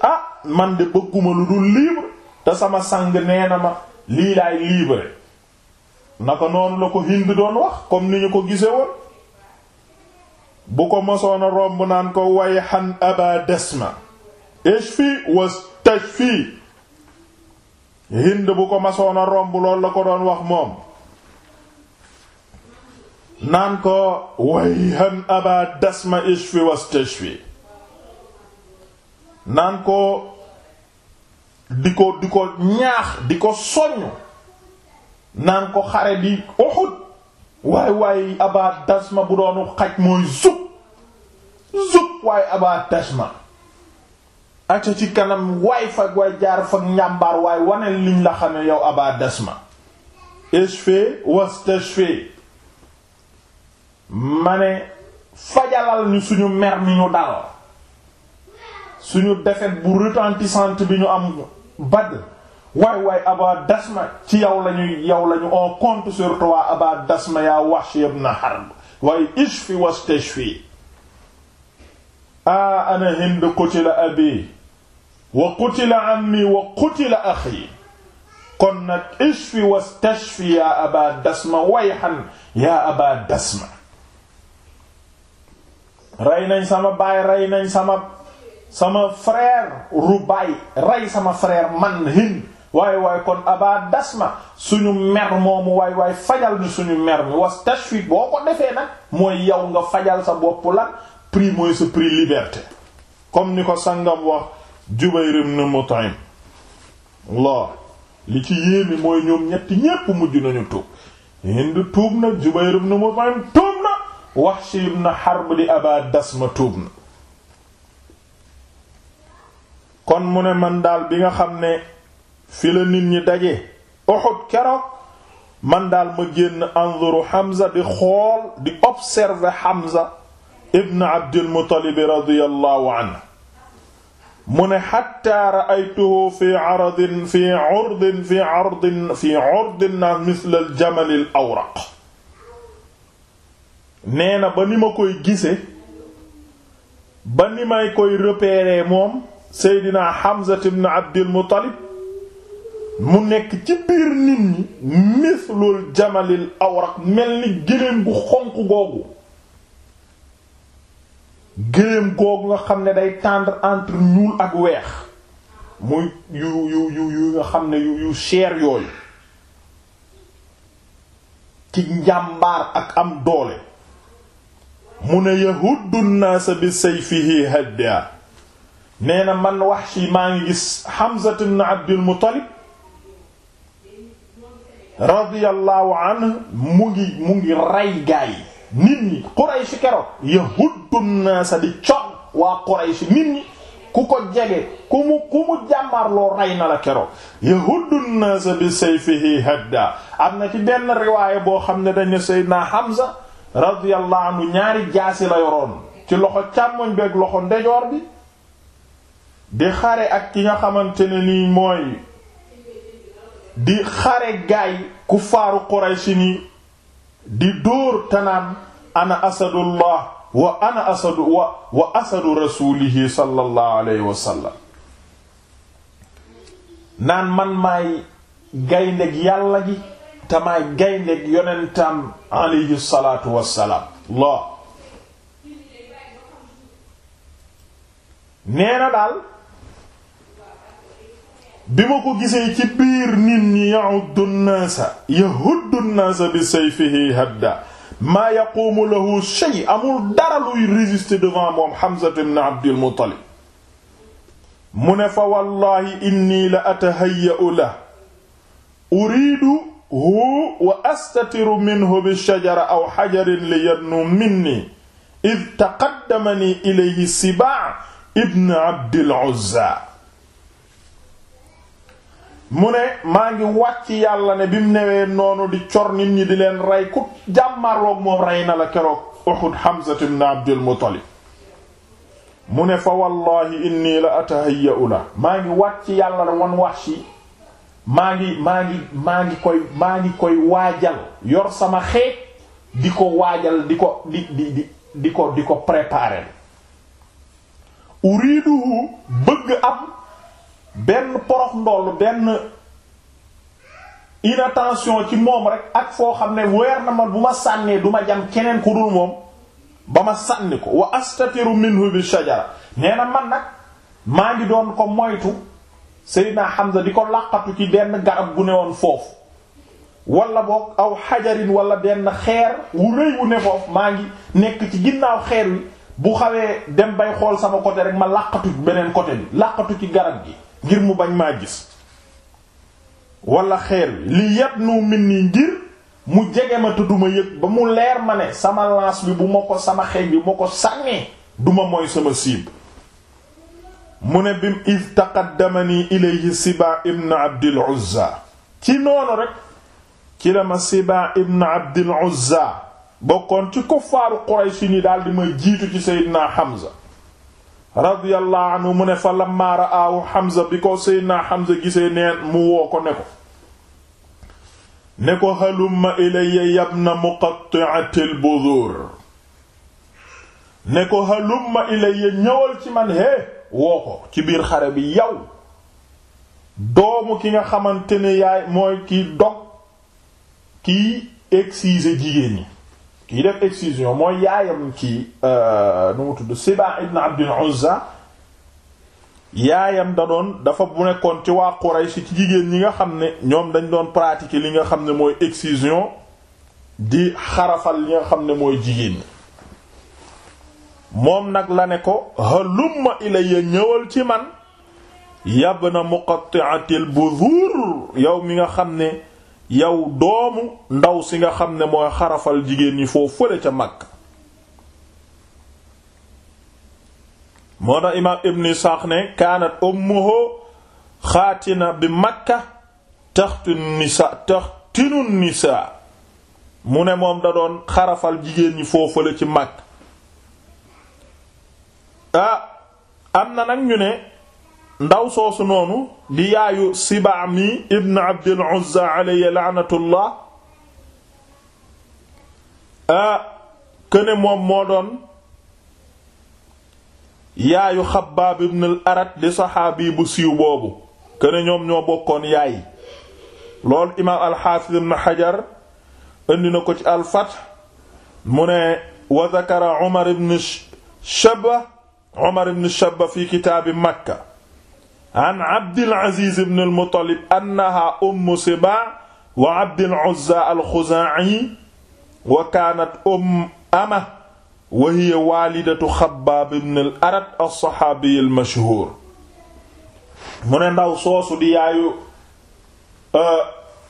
ah man de bëgguma lu dul libre te sama sang nee ma lii laay libre naka noonu la ko Hind doon wax comme ni ñu ko gisee bu ko mosoon romb naan ko wayhan aba desma ishfi wastashfi hind bu ko masoon a romb loolu la ko doon wax moom naan ko wayhan aba dasma ishfi wastashfi naan ko di ko di ko ñaax di ko soññ naan ko xare di Uhud waay waay aba tasma bu doonu xaj mooy zug zug waay aba ma acca ci kanam waay fag waay jaar fag njàmbaar waay waneel liñ la xame yow aba tasma ishfe wastashfe ma ne fajalal ñu suñu mer mi ñu dal suñu défaite bu retentissante bi ñu am Badr waay waay aba dasma ci yow lañuy yow lañu on compte aba dasma yaa Wahshi ibn Harb waaye ishfi wastashfi a ana Hind qutila abi wa qutila ammi wa qutila axi kon nag ishfi wastashfi yaa aba dasma wayhan yaa aba dasma rey nañ sama baay rey nañ sama sama frère Rubay rey sama frère man Hind waay waay kon aba dasma suñu mer moomu waay waay fajal ñu suñu mer mi was tashfi boo ko defee nag mooy yow nga fajal sa bopp lan prix mooy sa prix liberté comme ni ko sangam wax Jubayr ibn Mut'im loo li ci yéeme mooy ñoom ñetti ñépp mujj nañu tuub Hind tuub na Jubayr ibn Mut'im tuub na Wahshi ibn Harb di aba dasma tuub na kon mu ne man daal bi nga xam ne fi la nit ñi daje Uhud keroog man daal ma génn anzuru Hamza di xool di observer Hamza ibn Abdul Muttalib radiyallahu anhu mu ne hatta ra'aytuhu fi aradin fi urdin fi ardin fi urdin na misl al jamal al awraq nee na ba ni ma koy gise ba ni may koy repérer moom Seydina Hamza ibn Abdul Muttalib mu nekk ci biir nit ñi mislul jamalil awraq mel ni gëléem gu xonq googu gëléem googu nga xam ne day tendre entre ñuul ak weex muy yu yu yu nga xam ne yu yu yooyu ci njàmbaar ak am doole mu ne yahuddu naasa bi sayfihi hadda nee na man si maa ngi gis Hamza ibn Abdul Muttalib radiyallahu anhu mu ngi mu ngi rey gaa nit ñi Quraysh keroog yahuddu naasa di cog waa Quraysh nit ñi ku ko jege ku mu ku mu jàmmarloo rey na la keroog yahuddu naasa bi sayfihi hadda am na ci benn riwaaya boo xam ne dañu Seydina Hamza radiyallahu anhu ñaari jaasi la yoroon ci loxo càmmoñ beeg loxo ndejoor bi di xare ak ki nga xamante ne nii mooy di xare gaay ku faaru ni di dóor tanaan ana asadullah wa ana asadu rasulihi sallallahu alayhi wa naan man maay gayndeg yàlla gi te maay gayndeg yonentam alayhi salaatu wassalaam la nee na daal bi ma ko gisee ci biir nit ñi ya'uddu an-naasa yahuddu an-naasa bi sayfihi hadda maa yaquumu lahu shay amul dara luy résister devant moom Hamza ibn Abdul Muttalib mu ne fa wallahi inni la atahayya'u la uriidu hu wa astatiru minhu bi shajara aw xajarin li yadnu minni id taqaddamani ilayhi Sibaa ibn Abdul Uzza mu ne maa ngi wàcc yàlla ne bi newee noonu di cor nit ñi di leen rey ku jàmmarloog moom rey na la keroog Uhud Hamza ibn Abdul Muttalib mu ne fa wallahi inni la atahayya'u la maa ngi wàcc yàlla la wan Wahshi maa ngi maa ngi maa ngi koy maa ngi koy waajal yor sama xeej di ko waajal di ko di di di di ko di ko préparer uriiduhu bëgg am benn porox ndoll benn inattention ci moom rek ak foo xam ne weer na ma bu ma sànnee du ma jam keneen ku dul moom ba ma sànni ko wa astatiru minhu bi shajara nee na man nag maa ngi doon ko moytu Seydina Hamza di ko làqatu ci benn garab gu ne woon foofu wala boog aw xajarin wala benn xeer wu rëy wu ne foofu maa ngi nekk ci ginnaaw xeer wi bu xawee dem bay xool sama côté rek ma làqatu beneen côté bi làqatu ci garab gi ngir mu bañ maa gis wala xeer li yat nu min nii ngir mu jege ma te duma yëg ba mu leer ma ne sama lance bi bu ma ko sama xeej bi ma ko sànnee duma moy sama siib mu ne bim id taqaddamani ilayhi Siba ibn Abdil Uzza ci noonu rek ci la bokkoon ci kuffaaru Quraysh ni daal di ma jiitu ci Seydina Hamza radiyallahu anhu mu ne fa lamma ra'aahu Hamza bi ko Seydina xamsa gise nee mu woo ko ne ko ne ko halumma ilayya yabna muqatti'atil budur ne ko halumma ilayya ñëwal ci man hee woo ko ci biir xare bi yow doomu ki nga xamante ne yaay mooy kiy dog kiy exciser jigéen ñi ki def excision mooy yaayam ki euh, nu mu tudd Sibaa ibn Abdul Uzza yaayam da doon dafa bu nekkoon ci waa Quraysh ci jigéen ñi nga xam ne ñoom dañ doon pratiquer li nga xam ne mooy excision di xarafal li nga xam ne mooy jigéen moom nag la ne ko halumma ilayya ñëwal ci man yàbb yabna muqatti'atil buzur yow mi nga xam ne yow doomu ndaw si nga xam ne mooy xarafal jigéen ñi foofu fële ca Makka moo tax imaam ibn Isaaq ne kaanat ummuhu xaatina bi Makka taxtu nisa taxtinu nisa mu ne moom da doon xarafal jigéen ñi foofu fële ci Makka ah am na nag ñu ne ndaw soosu noonu di yaayu Sibaami ibn Abdul Uzza alayhi laanatullah ah moom moo doon yaayu Xabbaab ibn al Arat di saxaabi bu siiw boobu këne ñoom ñoo bokkoon yaay loolu imaam al-Hafiz ibn Hajar indi na ko ci al-Fath mu ne wa zakara Umar ibn Shabba Umar ibn Shabba fi kitaabi Makka an Abdul Aziz ibn al-Muttalib annaha ummu Sibaa wa Abdul Uzza al-Xuzaa'i wa kaanat umm ama wa hiya waalidatu Xabbaab ibn al-Arat as-Saxaabi al-mashhuur mu ne ndaw soosu di yaayu euh,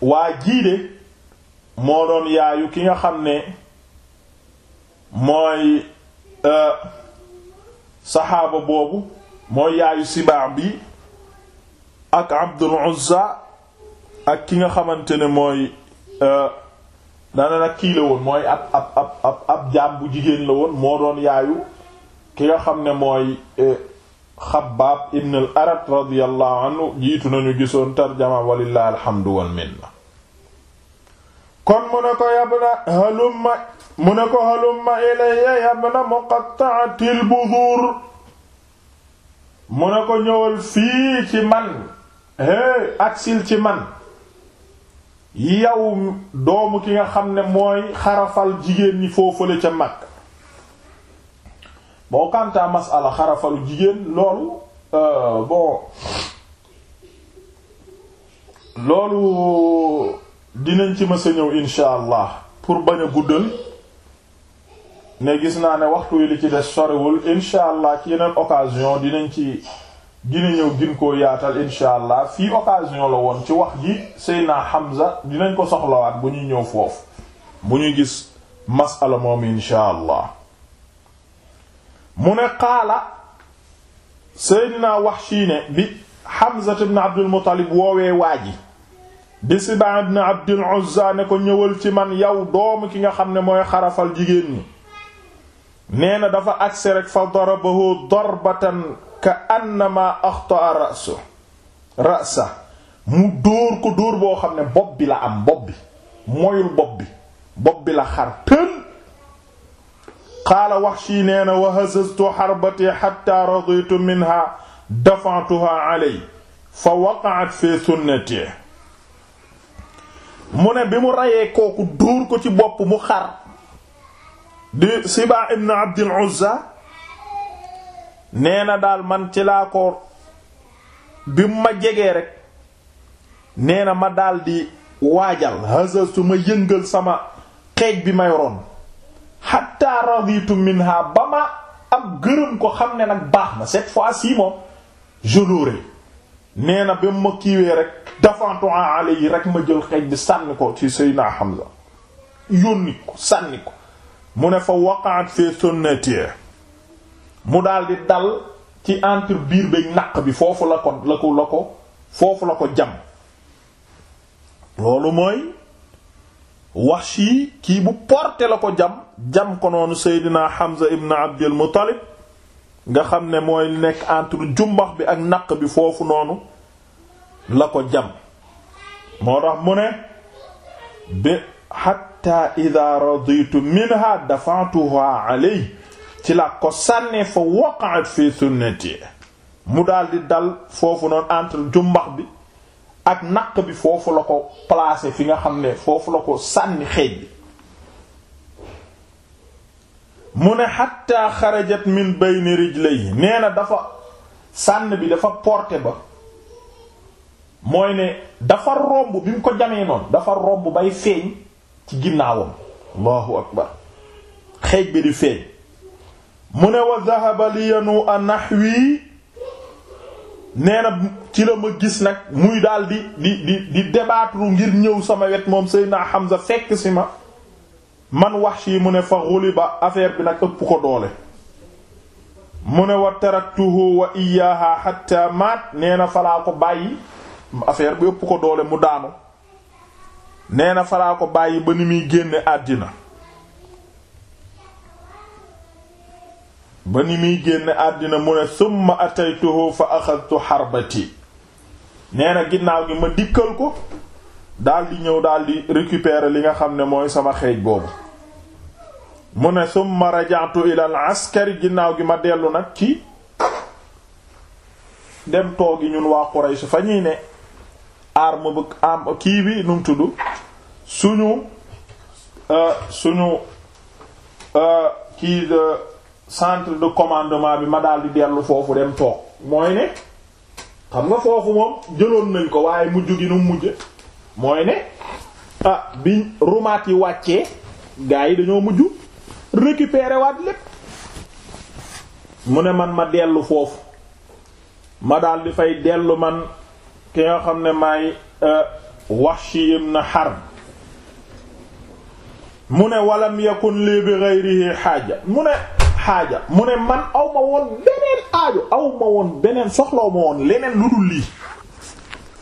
waa jiide moo doon yaayu ki nga xam ne mooy euh, saxaaba boobu mooy yaayu Sibaa bi ak Abdul Uzza ak ki nga xamante ne mooy euh, dana nag kii la mooy ab ab ab ab ab bu jigéen la moo doon yaayu ki nga xam ne mooy euh, Xabbaab ibn al Arat radiyallahu jiitu nañu gisoon tarjama walillahi alhamdu wal minna kon mu ne ko yabna halumma mu ne ko halumma ilayya yabna muqatta'atil budur mu ne ko ñëwal fii ci man hey aksil ci man yow doomu ki nga xam ne mooy xarafal jigéen ñi foofale ca Makka boo kantaa masala xarafalu jigéen loolu euh, bon loolu dinañ ci mësa ñëw insha allah pour bañ a guddal ne gis naa ne waxtu wi li ci des soriwul insha allah ci yeneen occasion dinañ ci gina ñëw gin koo yaatal insha fii occasion la woon ci wax ji Seyna Hamza dinañ ko soxlawaat bu ñuy ñëw foofu bu ñu gis masala moom insha allah mu ne qaala Seyna Wahshi ne bi Hamza ibn Abdul Muttalib woowee waa ji di Sibaa ibn Abdul Uzza ne ko ñëwal ci man yow doomu ki nga xam ne mooy xarafal jigéen ñi nee na dafa agsi rek fa darabahu darbatan ka annama axtaa rasu rasa mu dóor ko dóor boo xam ne bopp bi la am bopp bi moyul bopp bi bopp bi la xar tël qaala Wahshi nee na wa hasastu harbati hatta raditu minha dafa'tuha alay fa waqa'at fi sunnati mu ne bi mu rayee kooku dóor ko ci bopp mu xar di Sibaa ibn Abdil Uzza nee na daal man ci laa ko bi mu ma jegee rek nee na ma daldi waajal su ma yëngal sama xeej bi ma yoroon hatta raditu minha ba ma am gërëm ko xam ne nag baax na cette fois-ci moom je l'aurai nee na ba mu ma kiiwee rek dafantu yi rek ma jël xeej bi sànni ko ci Seydina Hamza yónni ko sànni ko mu ne fa waqa'at fi sunnati mu daal di dal ci entre biir beeg naq bi foofu la ko foofu la ko jam loolu mooy Wahshi kii bu porte la ko jam jam ko noonu Seydina Hamza ibn Abdul Muttalib nga xam ne mooy nekk entre jumbax bi ak naq bi foofu noonu la ko jam moo tax mu ne bi hatta idha raditu minha dafa'tuha alayhi ci la ko sànnee fa waqa'at fi sunnati mu daal di dal foofu noonu entre jumbax bi ak naq bi foofu la ko placé fi nga xam ne foofu la ko sànni xeej bi mu ne xatta xarajat min bayni rijlayhi nee na dafa sànn bi dafa porté ba mooy ne dafa romb bi mu ko jamee noonu dafa romb bay feeñ ci ginnaawam allahu akbar xeej bi di feeñ mu ne wa dhahaba liyanu a nahwi nee ci la ma gis nag muy daal di di di di débattre ngir ñëw sama wet moom naa Seydina sa fekk si ma man wax Wahshi mu ne fa ghuliba affaire bi nag ëpp ko doole mu ne wa taraktuhu wa iyaaha hatta maat nee na falaa ko bàyyi affaire bi ëpp ko doole mu daanu nee na falaa ko bàyyi ba ni muy génne àddina ba ni muy génne àddina mu ne summa ataytuhu fa axadtu xarbati nee na ginnaaw gi ma dikkal ko dal di ñëw daldi récupérer li nga xam ne mooy sama xeej boobu mu ne summa raja'tu ila al askari ginnaaw gi ma dellu nag ci dem toogi ñun waa Quraysh fa ñuy ne arme bu am kii bi nu mu tudd su suñu euh, euh, kii euh, centre de commandement bi ma daal di dellu foofu dem toog mooy ne xam nga foofu moom jëloon nañ ko waaye mujj gi nu mujje mooy ne ah bi rumaat yi wàcce gars yi dañoo mujj récupérer waat lépp mu ne man ma dellu foofu ma daal di fay dellu man ki nga xam ne maay euh, Wahshi na Harb mu ne walam yakun li bi ghayrihi haaja mu ne xaaja mu ne man aw woon beneen aajo aw woon beneen soxlaw woon leneen lu dul lii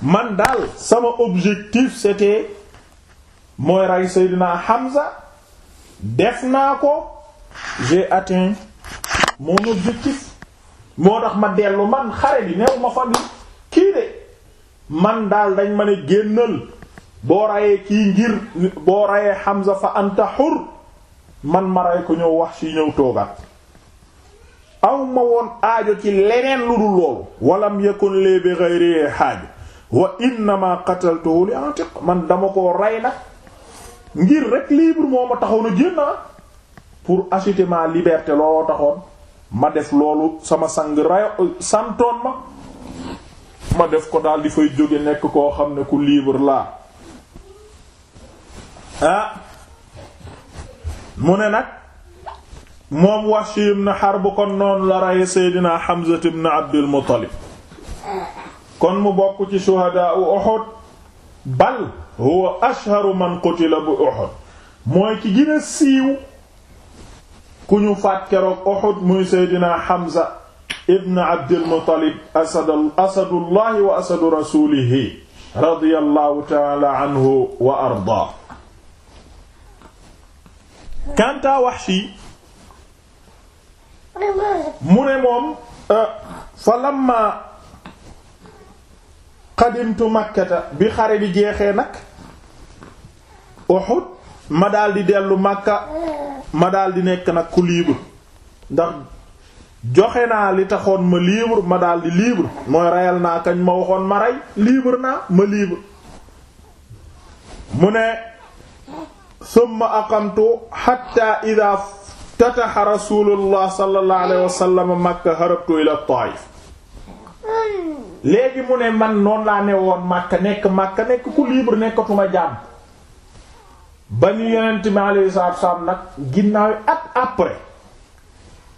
man daal sama objectif c'était mooy rey Seydina Hamza def naa ko j'ai atteint mon objectif moo tax ma dellu man xare bi new ma fa ni kii de man daal dañ ma ne génnal boo rayee kii ngir boo rayee Hamza fa anta xur man ma rey ko ñëw wax si ñëw toogaat aw ma woon aajo ci leneen lu dul loolu walam yakun li bi ghayri haaj wa innama qataltuhu li antiq man dama ko rey nag ngir rek libre moo ma taxoon a génn ah. pour acheter ma liberté looloo taxoon ma def loolu sama sang santoon ma ma def ko daal di fay jóge nekk koo xam ne ku libre laa ah mu ne nag moom Wahshi ibn Harb kon noonu la rey Seydina Hamza ibn Abdul Muttalib kon mu bokk ci shuhadaa u Uhud bal huwa ashharu man qutila bu Uhud mooy ki gën a siiw ku ñu faat keroog Uhud muy Seydina Hamza ibn Abdul Muttalib asadu asadullahi wa asadu rasulihi radiyallahu ta'ala anhu wa ardaa kanta Wahshi mu ne moom euh, fa lamma qadimtu makkata bi xare bi jeexe nag Uhud ma daal di dellu makka ma daal di nekk nag ku libre ndax joxe naa li taxoon ma libre ma daal di libre mooy reyal naa kañ ma waxoon ma rey libre naa ma libre mu ne summa aqamtu hatta idha iftataxa rasulullah sallallahu alayhi makka harabtu ila taif léegi mu ne man noon laa ne woon makka nekk makka nekk ku libre nekkatuma jàmm ba ñu yonent bi alayhi salaatu wasallam nag ginnaaw at après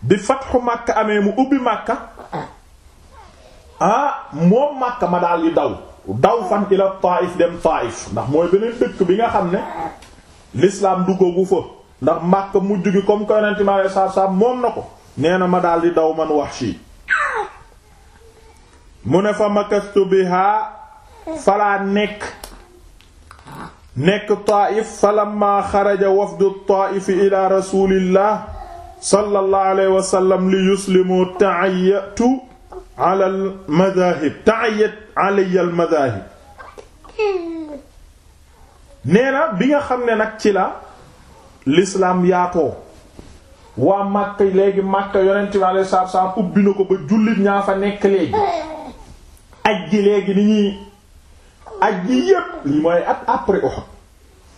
bi fatxu makka amee mu ubbi makka ah moom makka ma daal di daw daw fan ila taif dem taif ndax mooy beneen dëkk bi nga xam ne l'islam duggagu fa ndax Makka mujj gi comme que yonent mi alayhi salaatu moom na ko nee na ma daal di daw man Wahshi mu ne fa makastu biha falaa nekk nekk Taif falamma xaraja wafdu Taif ila rasulillah sallallahu alayhi wa sallam li yuslimu ta'ayyatu ala al madahib ta'ayyat hmm. na bi nga xam ne nag ci la lislaam yaatoo waa Makka léegi Makka yonent bi alayhi salaatu salaam ubbi na ko ba jullit ñaa fa nekk léegi aj gi léegi ni ñuy aj gi yépp li mooy at après Uhud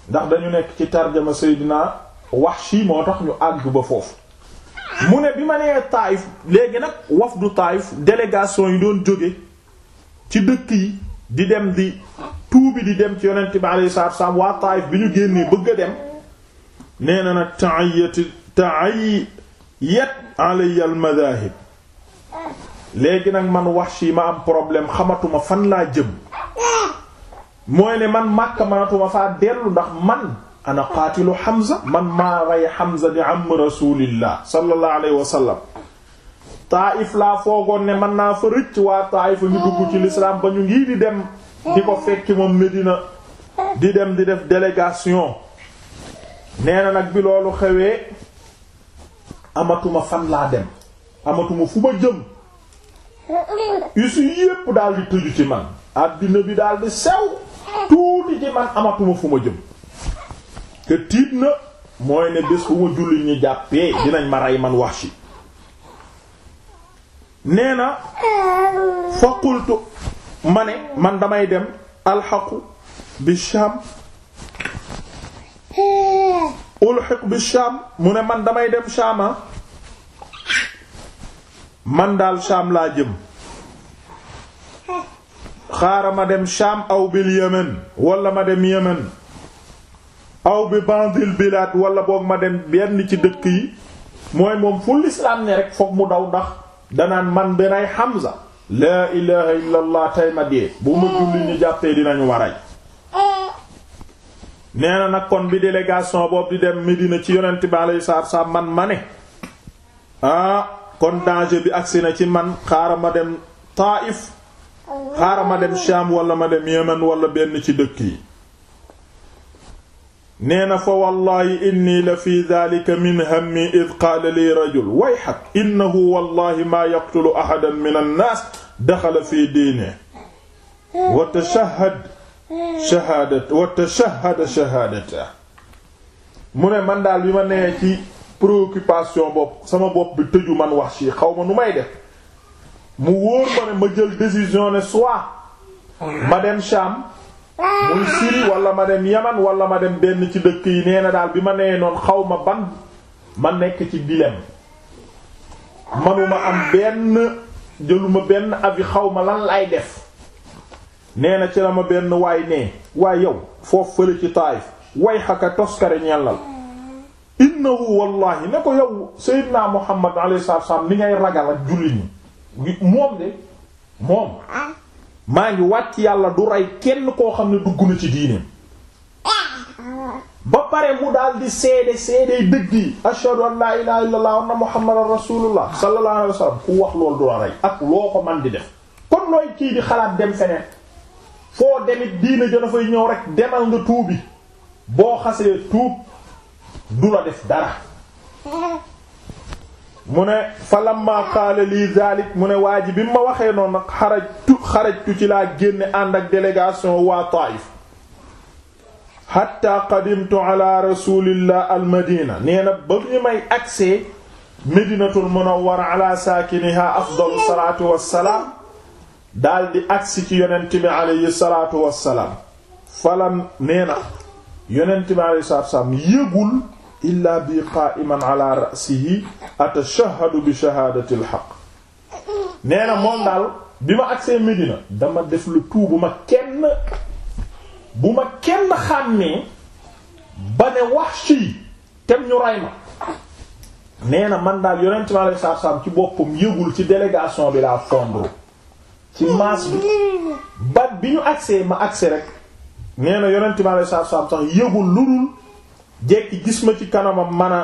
ndax dañu nekk ci tarjama Seydina Wahshi moo tax ñu àgg ba foofu mu ne bi ma nee Taayif léegi nag wafdu Taayif délégation yi doon jóge ci dëkk yi di dem di tuubi di dem ci yonent bi alayhi salaatu waa Taayif bi ñu génnee bëgg a dem nee na nag taayati taayat alayya al madahib léegi nag man Wahshi ma am problème xamatuma fan laa jëm mooy ne man Makka manatuma faa dellu ndax man ana qaatilu Hamza man maa rey Hamza di am rasulillah sallallahu alayhi wa sallam Taayif laa foogoon ne mën naa fa rëcc waa Taayif ñu dugg ci l'islam ba ñu ngi di dem di ko fekki moom Medina di dem di def délégation nee nag bi loolu xewee amatuma fan laa dem amatuma fu ma jëm ussi yépp daal tëju ci man àddina bi daal di sew tuuti ci man amatuma fu ma jëm te tiit na mooy ne bés bu ma julli ñu jàppee dinañ ma rey man Wahshi nee na fa ma ne man damay dem alxaqu bi ulhiq bi Sham mu ne man damay dem Shama man daal Sham laa jëm xaaral ma dem Sham aw bil Yemen wala ma dem Yemen aw bi bandil bilaat wala boog ma dem benn ci dëkk yi mooy moom fu lislaam ne rek foog mu daw ndax danaan man benay Hamza laa ilaha illa allah tay ma dee bu ma julli ñu jàppee dinañu waray nee na nag kon bi délégation boobu di dem Medina ci yonent bi alayhi salaatu man ma ah kon danger bi agsi na ci man xaaral dem Taïf xaaral dem Sham wala ma dem Yemen wala benn ci dëkk yi nee fa wallahi inni la fi dhalika min hammi id qaala li rajul wayhak innahu wallahi maa yaqtulu ahadan min an naas daxala fi diine wa tashahhad shahaadat wa tashahhada shahaadata mu ne man daal bi ma nee ci préoccupation bopp sama bopp bi tëju man wax ci xaw ma nu may def mu wóor ba ne ma jël décision ne soit ma dem Sham muy Syrie wala ma dem Yaman wala ma dem benn ci dëkk yi nee na daal bi ma nee noon xaw ma ban ma nekk ci dilemme manuma am benn jëluma benn abi xaw ma lan laay def nee na ci la ma benn waay nee waay yow foofu fële ci Taayif way xaka toskare ñellal innahu wallahi ne ko yow Seydina Muhammad alayhi salaatu wasallam li ngay ragal ak jullit ñi moom de moom yàlla du rey kenn koo xam ne dugg ci diineem ba mu daal di seede seede dëgg yi ashhadu an la ilaha ku wax loolu du la rey ak loo ko man di def kon looy kii di xalaat dem feneen foo demit diina ja dafay ñëw rek demal nga tuubi boo xasee tuub du la def dara mu ne fa lamma qaala lii zalik mu ne waa ji bi ma waxee noonu nag xarajtu xarajtu ci laa génne ànd ak délégation waa Taif hatta qadimtu ala rasulillah al madina nee na ba ñu may accès medinatul munawwara ala saakiniha afdalu salaatu wassalaam daldi agsi ci yonent bi aleyhi salaatu wassalaam falam nee na yonent bi salaatu wassalaam yëgul illaa bi qa'iman ala ra'sihi atashahhadu bi shahaadati alxaq nee na moom daal bi ma agsee Medina dama def lu tout bu ma kenn bu ma kenn xàmmee ba ne wax ci ñu ray ma nee na man daal yonent bi aleyhi salaatu ci boppam yëgul ci délégation bi laa fondre ci maas bi ba bi ñu agsee ma agsi rek nee na yonent bi alei saatu salam sax yëgul lulul jekki gis ma ci kanamam mana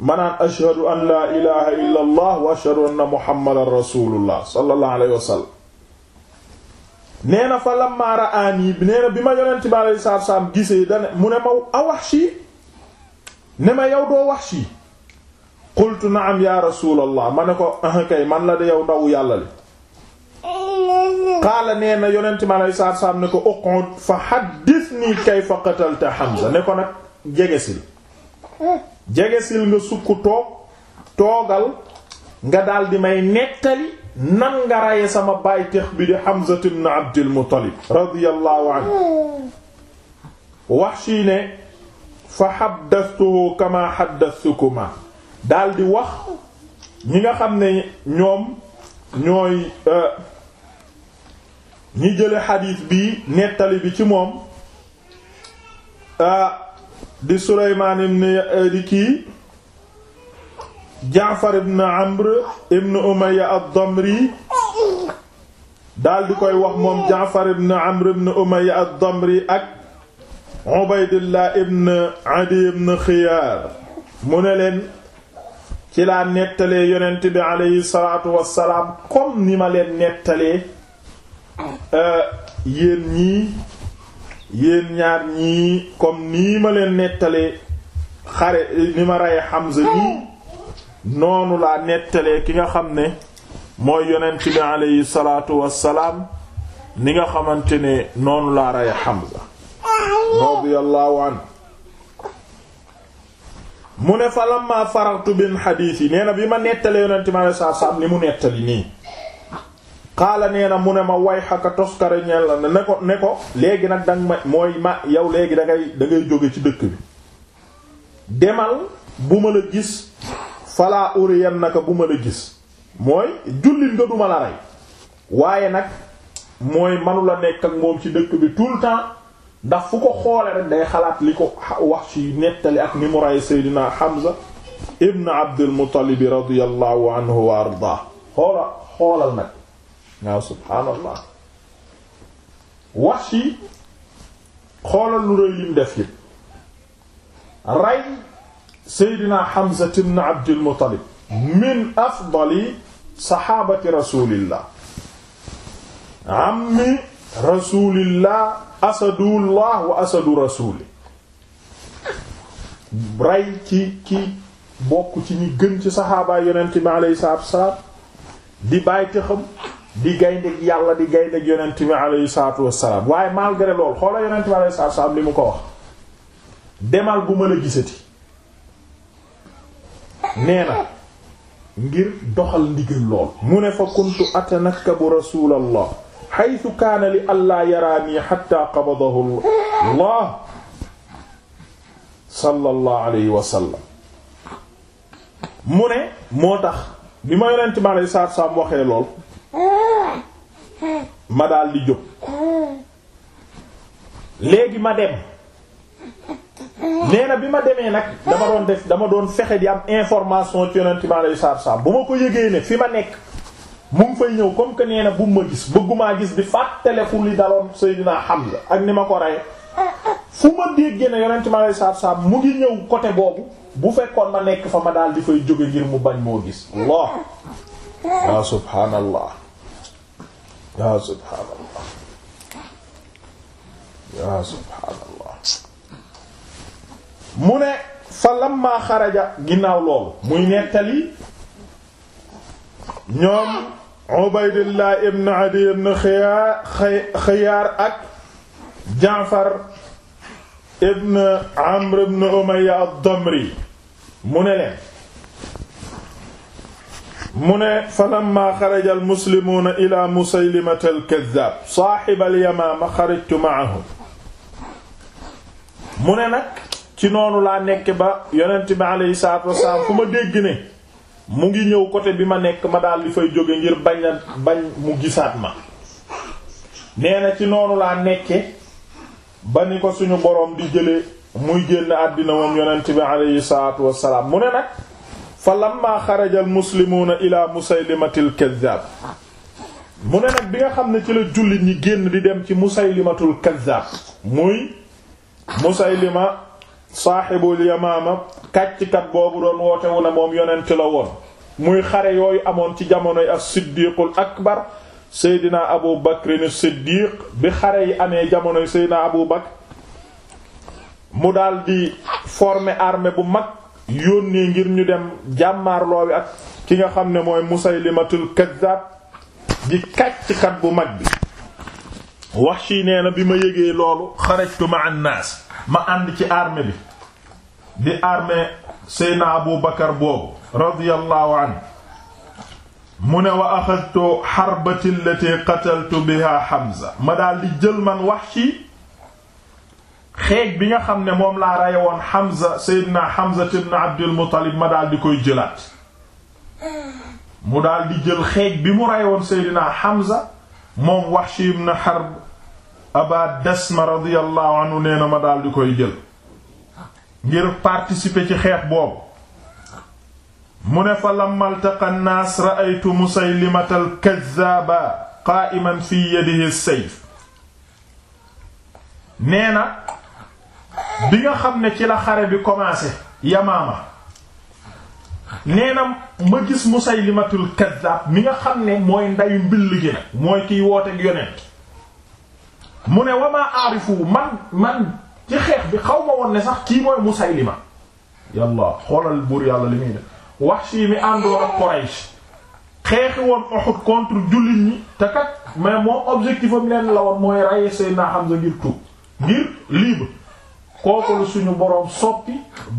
manaan ashhadu an laa ilaha illa wa ashhadu anna nee na fa bi ma yonent bi alei saatu salam gisee mu ne ma awaxshi ne ma yow doo waxshi qultu na'am ya rasulallah ma ne ko man la de yow ndaw yàlla li qaala nee na yonent mi alayhi salaatu salaam ne ko uqud fa haddithni kayfa qatalta Hamza ne ko nag jegesil jegesil nga sukk toog toogal nga daal di may nettali nan nga raye sama bàyteex bi di Hamza ibn Abdul Muttalib radiyallahu anhu Wahshi ne fa haddathtuhu kama haddathtukuma daal di wax ñi nga xam ne ñoom ñooy. Euh, ñi jële xadiis bi nettali bi ci moom ah, di Sulaymaan ibn eh, di kii Jaafar ibn Amr ibn Umayya ad-Damri daal di koy wax moom Jaafar ibn Amr ibn Umayya ad-Damri ak Ubaydillah ibn Adi ibn Xiyaar mu ne leen ci laa nettalee yonent bi aleyhi salaatu wassalaam comme ni ma leen nettalee Euh, yéen ñii yéen ñaar ñii comme nii ma leen nettalee xare ni ma reye Hamza nii noonu laa nettalee ki nga xam ne mooy yonent bi aleyhi salaatu wassalaam ni nga xamante ne noonu laa reye Hamza radiyallahu anhu mu ne fa lamma faratu bin xadiis yi nee bi ma nettalee yonent bi aleyhi salaatu wassalaam li mu nettali nii xaala nee na mu ne ma way xaka toskare la ne ko ne ko léegi nag danga ma mooy ma yow léegi da ngay da jóge ci dëkk bi demal bu ma la gis falaa yan naka bu ma la gis mooy jullit nga duma la rey waaye nag mooy manu la nekk ak moom ci dëkk bi tout le temps ndax fu ko xoolee rek day xalaat li ko wax ci nettali ak ni mu rey Seydina Hamza ibn Abdul Muttalib radiyallahu anhu wa ardaa xoola xoolal nag waaw subhaanallah wax yi xoolal lu rëy lim def yëpp rey Seydina Hamza ibn Abdul Muttalib min afdali saxaabati rasulillah ammi rasulillah asadullah wa asadu rasuli rey ci ki bokk ci ñi gën ci saxaabaa yonente bi aleyhi salaatu wa salaam di bàyyi xam di gaynde yàlla di gaynde yonent bi alayhi salaatu wassalaam waaye malgré lool xoola yonent bi alayhi salaatu wassalaam li mu ko wax demal bu mën a gisati nee na ngir doxal ndigal lool mu ne fa kuntu atanakkabu rasulallah haythu kaana li allaa yaraanii hatta qabadahu allah sallallahu alayhi wa mu ne moo tax bi ma yonent bi alayhi salaatu wassalaam waxee lool ma daal di jóg léegi ma dem nee bi ma demee nag dama doon def dama doon fexe di am information ci yonent bi alayhi salaatu salaam bu ma ko yëgee ne fi ma nekk mu ngi fay ñëw comme que nee na bu ma gis bëggumaa gis di fàttaleku li daloon Seydina Hamza ak ni ma ko rey fu ma déggee ne yonent bi alayhi salaatu salaam mu ngi ñëw côté boobu bu fekkoon ma nekk fa ma daal di fay jóge ngir mu bañ moo gis Allah ya yaa subhaanallah yaa subhaanallah mu ne fa lamma xaraja ginnaaw loolu muy nettali ñoom Ubaydillah ibn Adi ibn Xiyaar ak Jaafar ibn Amr ibn Umayya ad-Damri mu ne leen mu ne falamma xaraja almuslimuuna ila musaylimata alkaddaab saaxib alyamaama xarajtu maahum mu ne nag ci noonu laa nekk ba yonent bi aleyhi salaatu wasalaam fu ma dégg ne mu ngi ñëw côté bi ma nekk ma daal di fay jóge ngir bañ a bañ mu gisaat ma nee ci noonu laa nekke ba ni ko suñu boroom di jële muy génn àddina moom yonent bi aleyhi salaatu wasalaam mu ne nag fa lamma xaraja al muslimuuna ila musaylimatil kazzab mu ne nag bi nga xam ne ci la jullit ñi génn di dem ci musaylimatul kazzab muy musaylima saaxibul yamaama kàcckat boobu doon wootewu ne moom yonent la woon muy xare yooyu amoon ci jamonoy ak siddiqul akbar seydina abu bakrin siddiq bi xare yi amee jamonoy seydina abu bakr mu daldi former armée bu mag yónnee ngir ñu dem jàmmaarloo wi ak ki nga xam ne mooy musaylimatul kazzab di kàcckat bu mag bi Wahshi nee na bi ma yégee loolu xarajtu ma annaas ma ànd ci arme bi di armée seyna Abu Bakar boobu radiyallahu anhu mu ne wa axadtu xarbati allati biha Hamza ma daal di jël man Wahshi xeej bi nga xam ne moom laa reye woon Hamza Seydina Hamza ibn Abdul Muttalib ma daal di koy jëlaat mu daal di jël xeej bi mu reye woon Seydina Hamza moom Wahshi ibn Harb Aba Dasma radiyallahu anhu nee na ma daal di koy jël ngir participer ci xeex boobu mu ne fa lamma altaqa an-naas ra'aytu Musaylimata al-kazzaaba qaa'iman fi yadihi as-sayf nee na bi nga xam ne ci la xare bi commencé Yamaama nee ma gis Musaylimatul Kaddaab mi nga xam ne mooy ndayu mbill gi nag mooy kiy wooteeg yonent mu ne wamaa aarifu man man ci xeex bi xaw ma woon ne sax kii mooy Musaylima yàlla xoolal buur yàlla li muy def Wahshi mi àndoon ak Quraysh xeexi woon Uhud contre jullit ñi te kat mais moom objectif am leen la woon mooy rey Seydina Hamza ngir tuub ngir libre kooku la suñu boroom soppi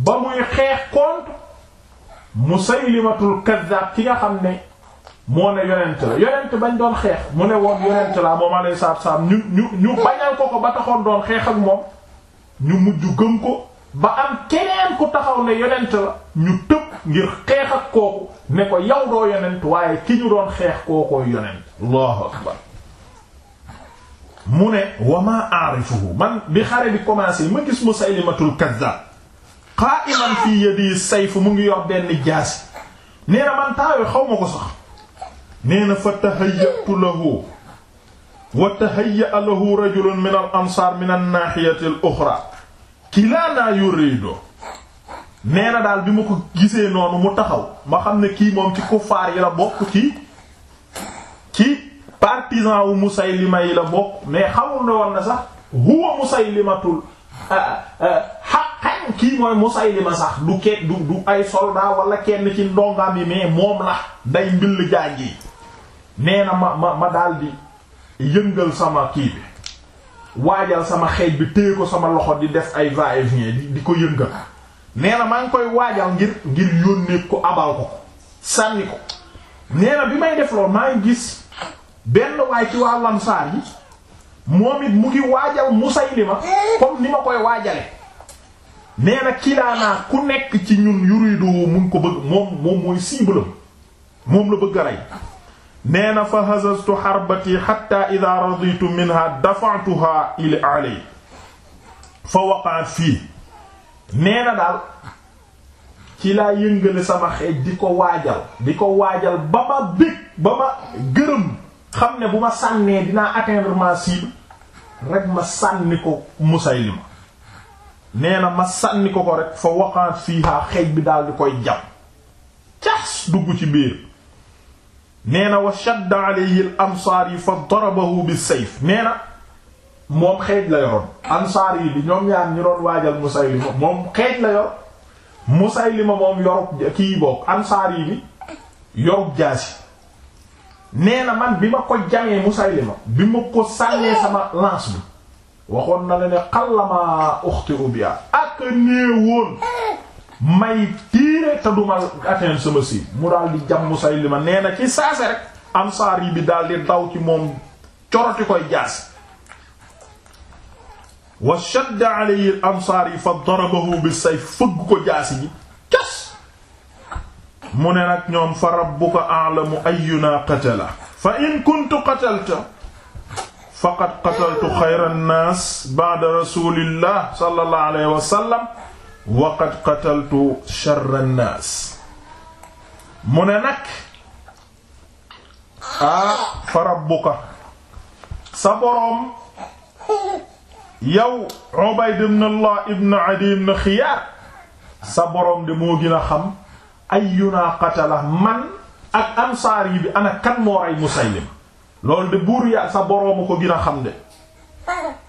ba muy xeex mu contre Musaylimatul Kaddaab ki nga xam ne moo ne yonent la yonent bañ doon xeex mu ne woon yonent la moom alayhi salaatu salaam ñu ñu ñu bañal ko ko ba taxoon doon xeex ak moom ñu mujj gëm ko ba am keneen ku taxaw ne yonent la ñu tëb ngir xeex ak kooku ne ko yow doo yonent waaye ki ñu doon xeex kookoo yonent Allahu akbar mu ne wa maa aarifuhu man bi xare bi commencé ma gis Musaylimatul Kazzab qa'iman fi yadi sayf mu ngi yor benn jaasi nee na man taawee xaw ma ko sax nee na fa tahayyatu lahu wa tahayya lahu rajulun min al ansaar min an naahiyati al uxra kilaanaa yuriidu nee na daal bi ma ko gisee noonu mu taxaw ma xam ne kii moom ci kuffaar yi la bokk ci partisan wu Musaylima yi la bokk mais xamul ne woon na sax huwa Musaylimatul haqqan euh, euh, kii mooy Musaylima sax du ke du du ay soldat wala kenn ci ndongaam yi mais moom la day mbill jàng yi nee ma ma ma daal di yëngal sama kii bi waajal sama xeej bi téye ko sama loxo di def ay va di di ko yëngal nee maa ngi koy waajal ngir ngir yónnee ko abal ko sànni ko nee bi may def loolu maa ngi gis benn waay ci waa lamsaar yi moom it mu ngi waajal Musaylima comme ni ma koy waajale nee na kilaanaa ku nekk ci ñun yuridu mu ngi ko bëgg moom moom mooy cible moom la bëgg a rey nee na fa hazastu xarbati hatta idha raditu minha dafa'tuha ila alay fa waqa'at fii nee na daal ci laa yëngale sama xeej di ko waajal di ko waajal ba ma bég ba ma gërëm xam ne bu ma sànnee dinaa atteindre ma cible rek ma sànni ko Musaylima nee na ma sànni ko ko rek fa waqaat fiihaa xeej bi daal di koy jam cas dugg ci biir nee na wa shadda alayhi al ansaar yi fa darabahu bi sayf nee na moom xeej la yoroon ansaar yi bi ñoom ñaar ñu doon waajal Musaylima moom xeej la yor Musaylima moom yorub kii bokk ansaar yi bi yorub jaasi nee na man bi ma ko jamee Musaylima bi ma ko sànnee sama lance bi waxoon na la ne xallama uxti ubia ak néewoon may tiire duma atteindre sama cible mu daal di jam Musaylima nee na ci saase rek ansaar yi bi dal di daw ci moom coroti koy jaas wa shadda alayhi al ansaar yi fa darabahu bi sayf fëgg ko jaasi ji mu ne nag ñoom fa rabbuka a'lamu ayyuna qatala fa in kuntu qatalta faqad qataltu xayra an-nas ba'da rasulillah sallallahu alayhi wa sallam wa qad qataltu sharra an-nas mu ne nag ah fa rabbuka sa boroom yow Ubayd ibn Allah ibn Adi ibn Xiyaar sa boroom de moo gën a xam ayyuna qatala man ak ansaar yi bi ana kan moo rey Musaylima loolu de buur ya sa boroomu ko gën a xam de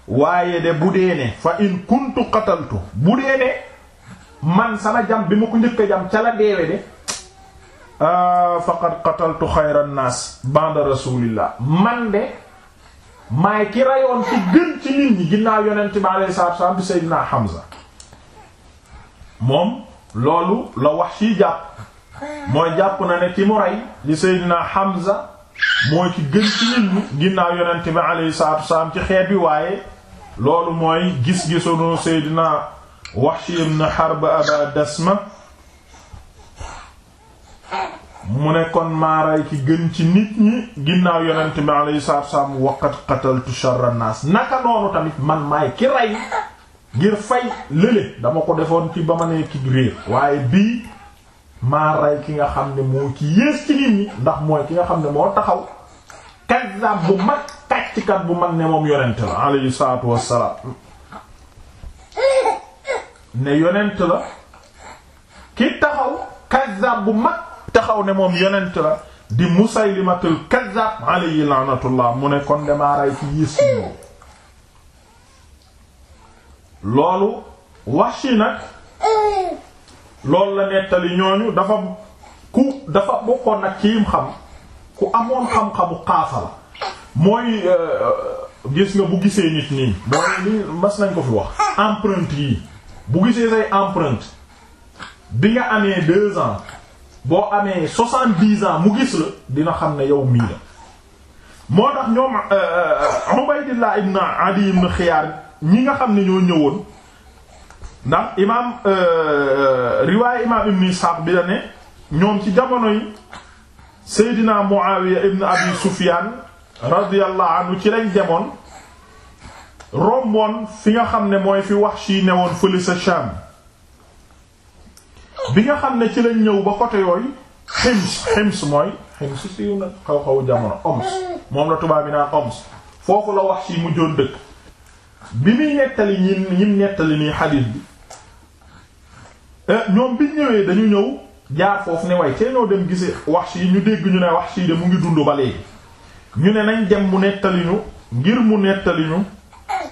waaye de bu dee ne fa in kuntu qataltu bu dee ne man sama jam bi ma ko njëkk a jam ca la deewe de ah, faqad qataltu xayra naas ba'da rasulillah man de maay ki rayoon ci gën ci nit ñi ginnaaw yonent bi alayhi salaatu wasallam bi Seydina Hamza moom loolu la wax mooy jàpp na ne ki mu rey di Seydina Hamza mooy ci gën ci nit ñi ginnaaw yonent bi alayhi salaatu wasalaam ci xeet bi waaye loolu mooy gis-gisunu Seydina Wahshi ibn Harb Aba Dasma mu ne kon maaray ki gën ci nit ñi ginnaaw yonent bi alayhi salaatu wasalaam waqad qataltu sharra naka noonu tamit man maay ki rey ngir fay lële dama ko defoon ci ba ma nee ki réer waaye bii maa rey ki nga xam ne moo ci yées ci nit ñi ndax mooy ki nga xam ne moo taxaw kazzab bu mag tàcckat bu mag ne moom yonent la alayhi salaatu wassalaam ne yonent la ki taxaw kazzab bu mag taxaw ne moom yonent la di musaylimatul kazzab alayhi laanatullah mu ne kon damaa rey ci yées ci ñoom loolu Wahshi nag loolu la nettali ñooñu dafa ku dafa bokkoon nag ci yim xam ku amoon xam-xamu xaafa la mooy euh, gis nga bu gisee nit nii mooy li mas nañ ko fi wax empreinte yi bu gisee say empreinte bi nga amee deux ans boo amee soixante-dix ans mu gis la dina xam ne yow mii moo tax ñoom euh, euh, Ubaydillah ibn Adi ibn Xiyaar ñi nga xam ne ñoo ñëwoon ndax imaam euh, euh, riwaay imaam ibn Isxaaq bi la ne ñoom ci jamono yi Seydina Muawiya ibn Abi Sufyaan radiyallahu anhu ci lañ demoon romboon fi nga xam ne mooy fi Wahshi newoon fële sa Shaam bi nga xam ne ci lañ ñëw ba côté yooyu Hims Hims mooy Hims siiw na xaw xaw jamono Homs moom la tubaab bi naan Homs foofu la Wahshi mujjoon dëkk bi muy nettali ñi ñim nettali nii xadiis bi eh, ñoom biñ ñëwee dañu ñëw jaar foofu ne way cee ñoo dem gise wax si ñu dégg ñu ne wax si de mu ngi dund ba léegi ñu ne nañ dem mu nettali ñu ngir mu nettali ñu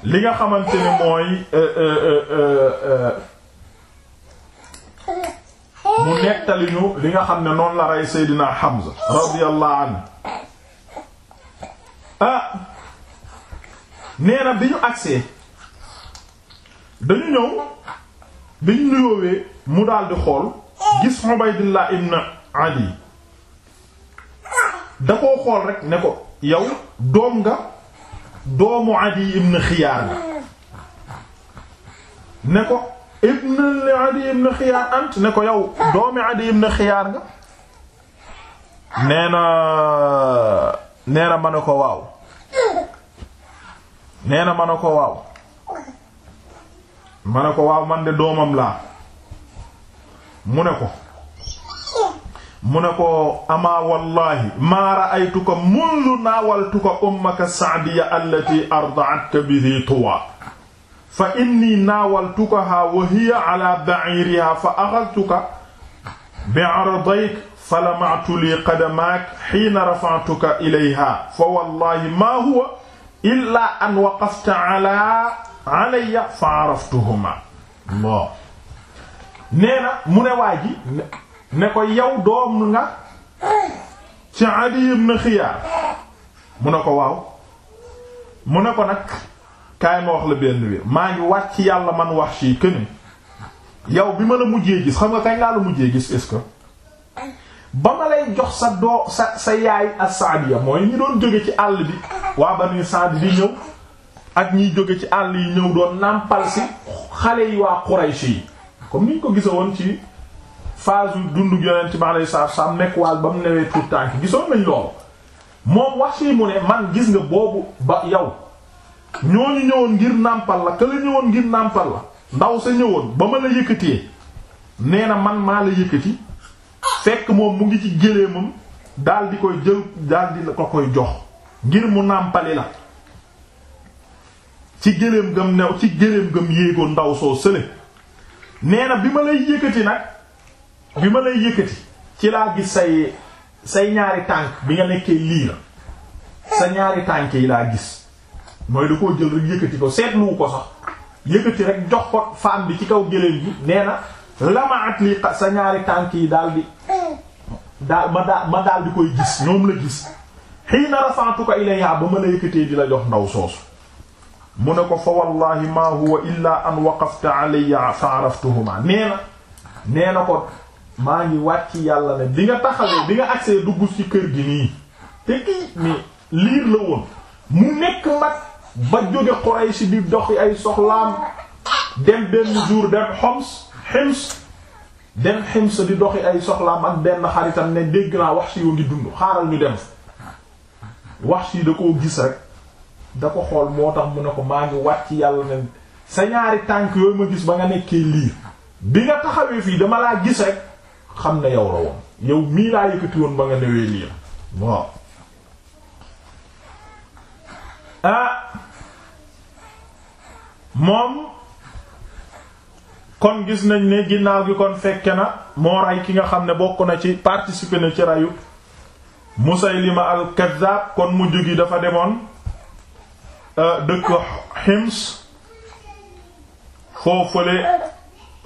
li nga xamante ne mooy eh, eh, mu nettali li nga xam ne noonu la rey Seydina Hamza radiyallahu anhu ah nee na bi ñu agsee dañu ñëw bi ñu nuyoowee mu daldi xool gis Ubaydillah ibn Ali da koo xool rek ne ko yow doom nga doomu Adi ibn Xiyaar nga ne ko ibn Adi ibn Xiyaar ant ne ko yow doomi Adi ibn Xiyaar nga nee na nee ma ne ko waaw nee na ma ne ko waaw ma ne ko waaw man de doomam laa mu ne ko mu ne ko ama wallahi maa ra'aytuka mundu naawaltuka ummaka saadiya allati arda'atka bihi tuwa fa inni naawaltukaha wa hiya ala ba'iriha fa akhadhtuka bi'ardayka falama'tu li qadamaaka hiina rafa'tuka ilayha fa wallahi ma huwa illaa an waqafta ala alayya fa araftuhuma bon nee na mu ne waa ji ne ko yow doom nga ci Adi ibn Xiyaar mu ne ko waaw mu ne ko nag kaay ma wax la benn bi maa ngi wàcc ci yàlla man wax sii këni yow bi ma la mujjee gis xam nga kañ laa la mujjee gis est ba ma lay jox sa doo sa sa yaay as-Saadiya mooy ñi doon jóge ci àll bi waa Banu Saad bi ñëw ak ñiy jóge ci àll yi ñëw doon nàmpal si xale yi waa Quraysh yi comme ni ñu ko gisa woon ci phase yu dund bi alayhi salaatu salaam nekk waal ba mu newee tout tànk gisoon nañ loolu moom wax yi mu ne man gis nga boobu ba yow ñooñu ñëwoon ngir nàmpal la kële ñëwoon ngir nàmpal la ndaw sa ñëwoon ba ma la yëkkatee nee na man maa la yëkkati fekk moom mu ngi ci géléemam daal di koy jël daal di ko koy jox ngir mu nàmpali la ci géléem gam new ci géléem gam yéegoon ndaw soo sële nee na bi ma lay yëkkati nag bi ma lay yëkkati ci laa gis say say ñaari tànk bi nga nekkee lii la sa ñaari tànk yi laa gis mooy da koo jël rek yëkkati ko seetluwu ko sax yëkkati rek jox ko femme bi ci kaw géléem bi nee na lamaat lii sa ñaari tànk yi daal di ma daal di koy gis ñoom la gis xiina rafa'tuka ilayha ba ma di la jox ndaw soosu mu ne ko fa wallahi ma huwa illa an waqafta alayya fa araftuhuma nee na ko maa ngi wàcc yàlla bi nga taxawee bi nga agsee dugg ci kër gi nii te kii ni liir la woon mu nekk mag ba jóge Quraysh di doxi ay soxlaam dem benn jour dem Homs Hims dem Hims di doxi ay soxlaam ak benn xaritam ne dégg naa Wahshi ngi dund xaaral ñu dem Wahshi da koo gis rek da ko xool moo tax mu ne ko maa ngi wàcc yàlla ne sa ñaari tànk yooyu ma gis ba nga nekkee liir bi nga taxawee fii dama laa gis rek xam ne yow la woon yow mii laa yëkkati woon ba nga newee liir waaw ah. moom kon gis nañ ne ginnaaw gi kon fekke na moo rey ki nga xam ne bokk na ci participer na ci reyu Musaylima al-Kazzab kon mujj gi dafa demoon euh, dëkk Hims foo fële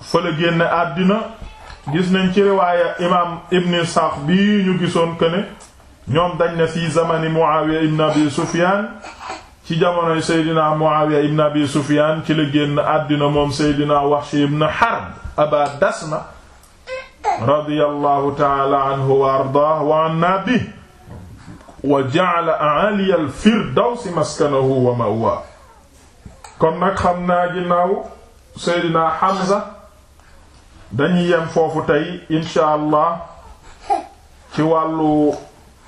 fële génn àddina gis nañ ci riwaaya imaam Ibn Isxaaq bii ñu gisoon que ñoom dañ na fii zamani Muawiya ibn Abi Sufyaan ci jamonoy seydina Muawiya ibn Abi Sufyaan ci la génn àddina moom seydina Wahshi ibn Harb aba Dasma radiyallahu ta'ala anhu wa ardaah wa anna bi wa ja'ala a'ali al-firdaws maskanahu wa ma'waa kon nag xam naa ginnaaw seydina Hamza dañuy yem foofu tey insha allah ci wàllu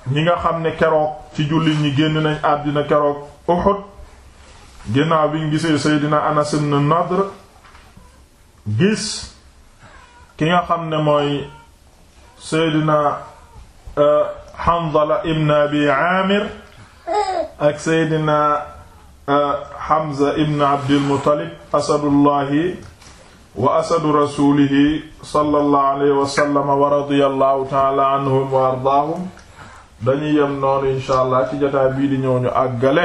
ñi nga xam ne keroog ci jullit ñi génn nañ àddina keroog Uhud ginnaaw bi ñu gisee Seydina Anas ibn Nadr gis ki nga xam ne mooy Seydina euh, Hanzala ibn Abi Amir ak Seydina euh, Hamza ibn Abdul Muttalib asadullahi wa asadu rasulihi sallallahu alayhi wa sallam wa radiyallahu ta'ala anhum wa ardaahum dañuy yem noonu incha allah ci jotaay bii di ñëw ñu àggale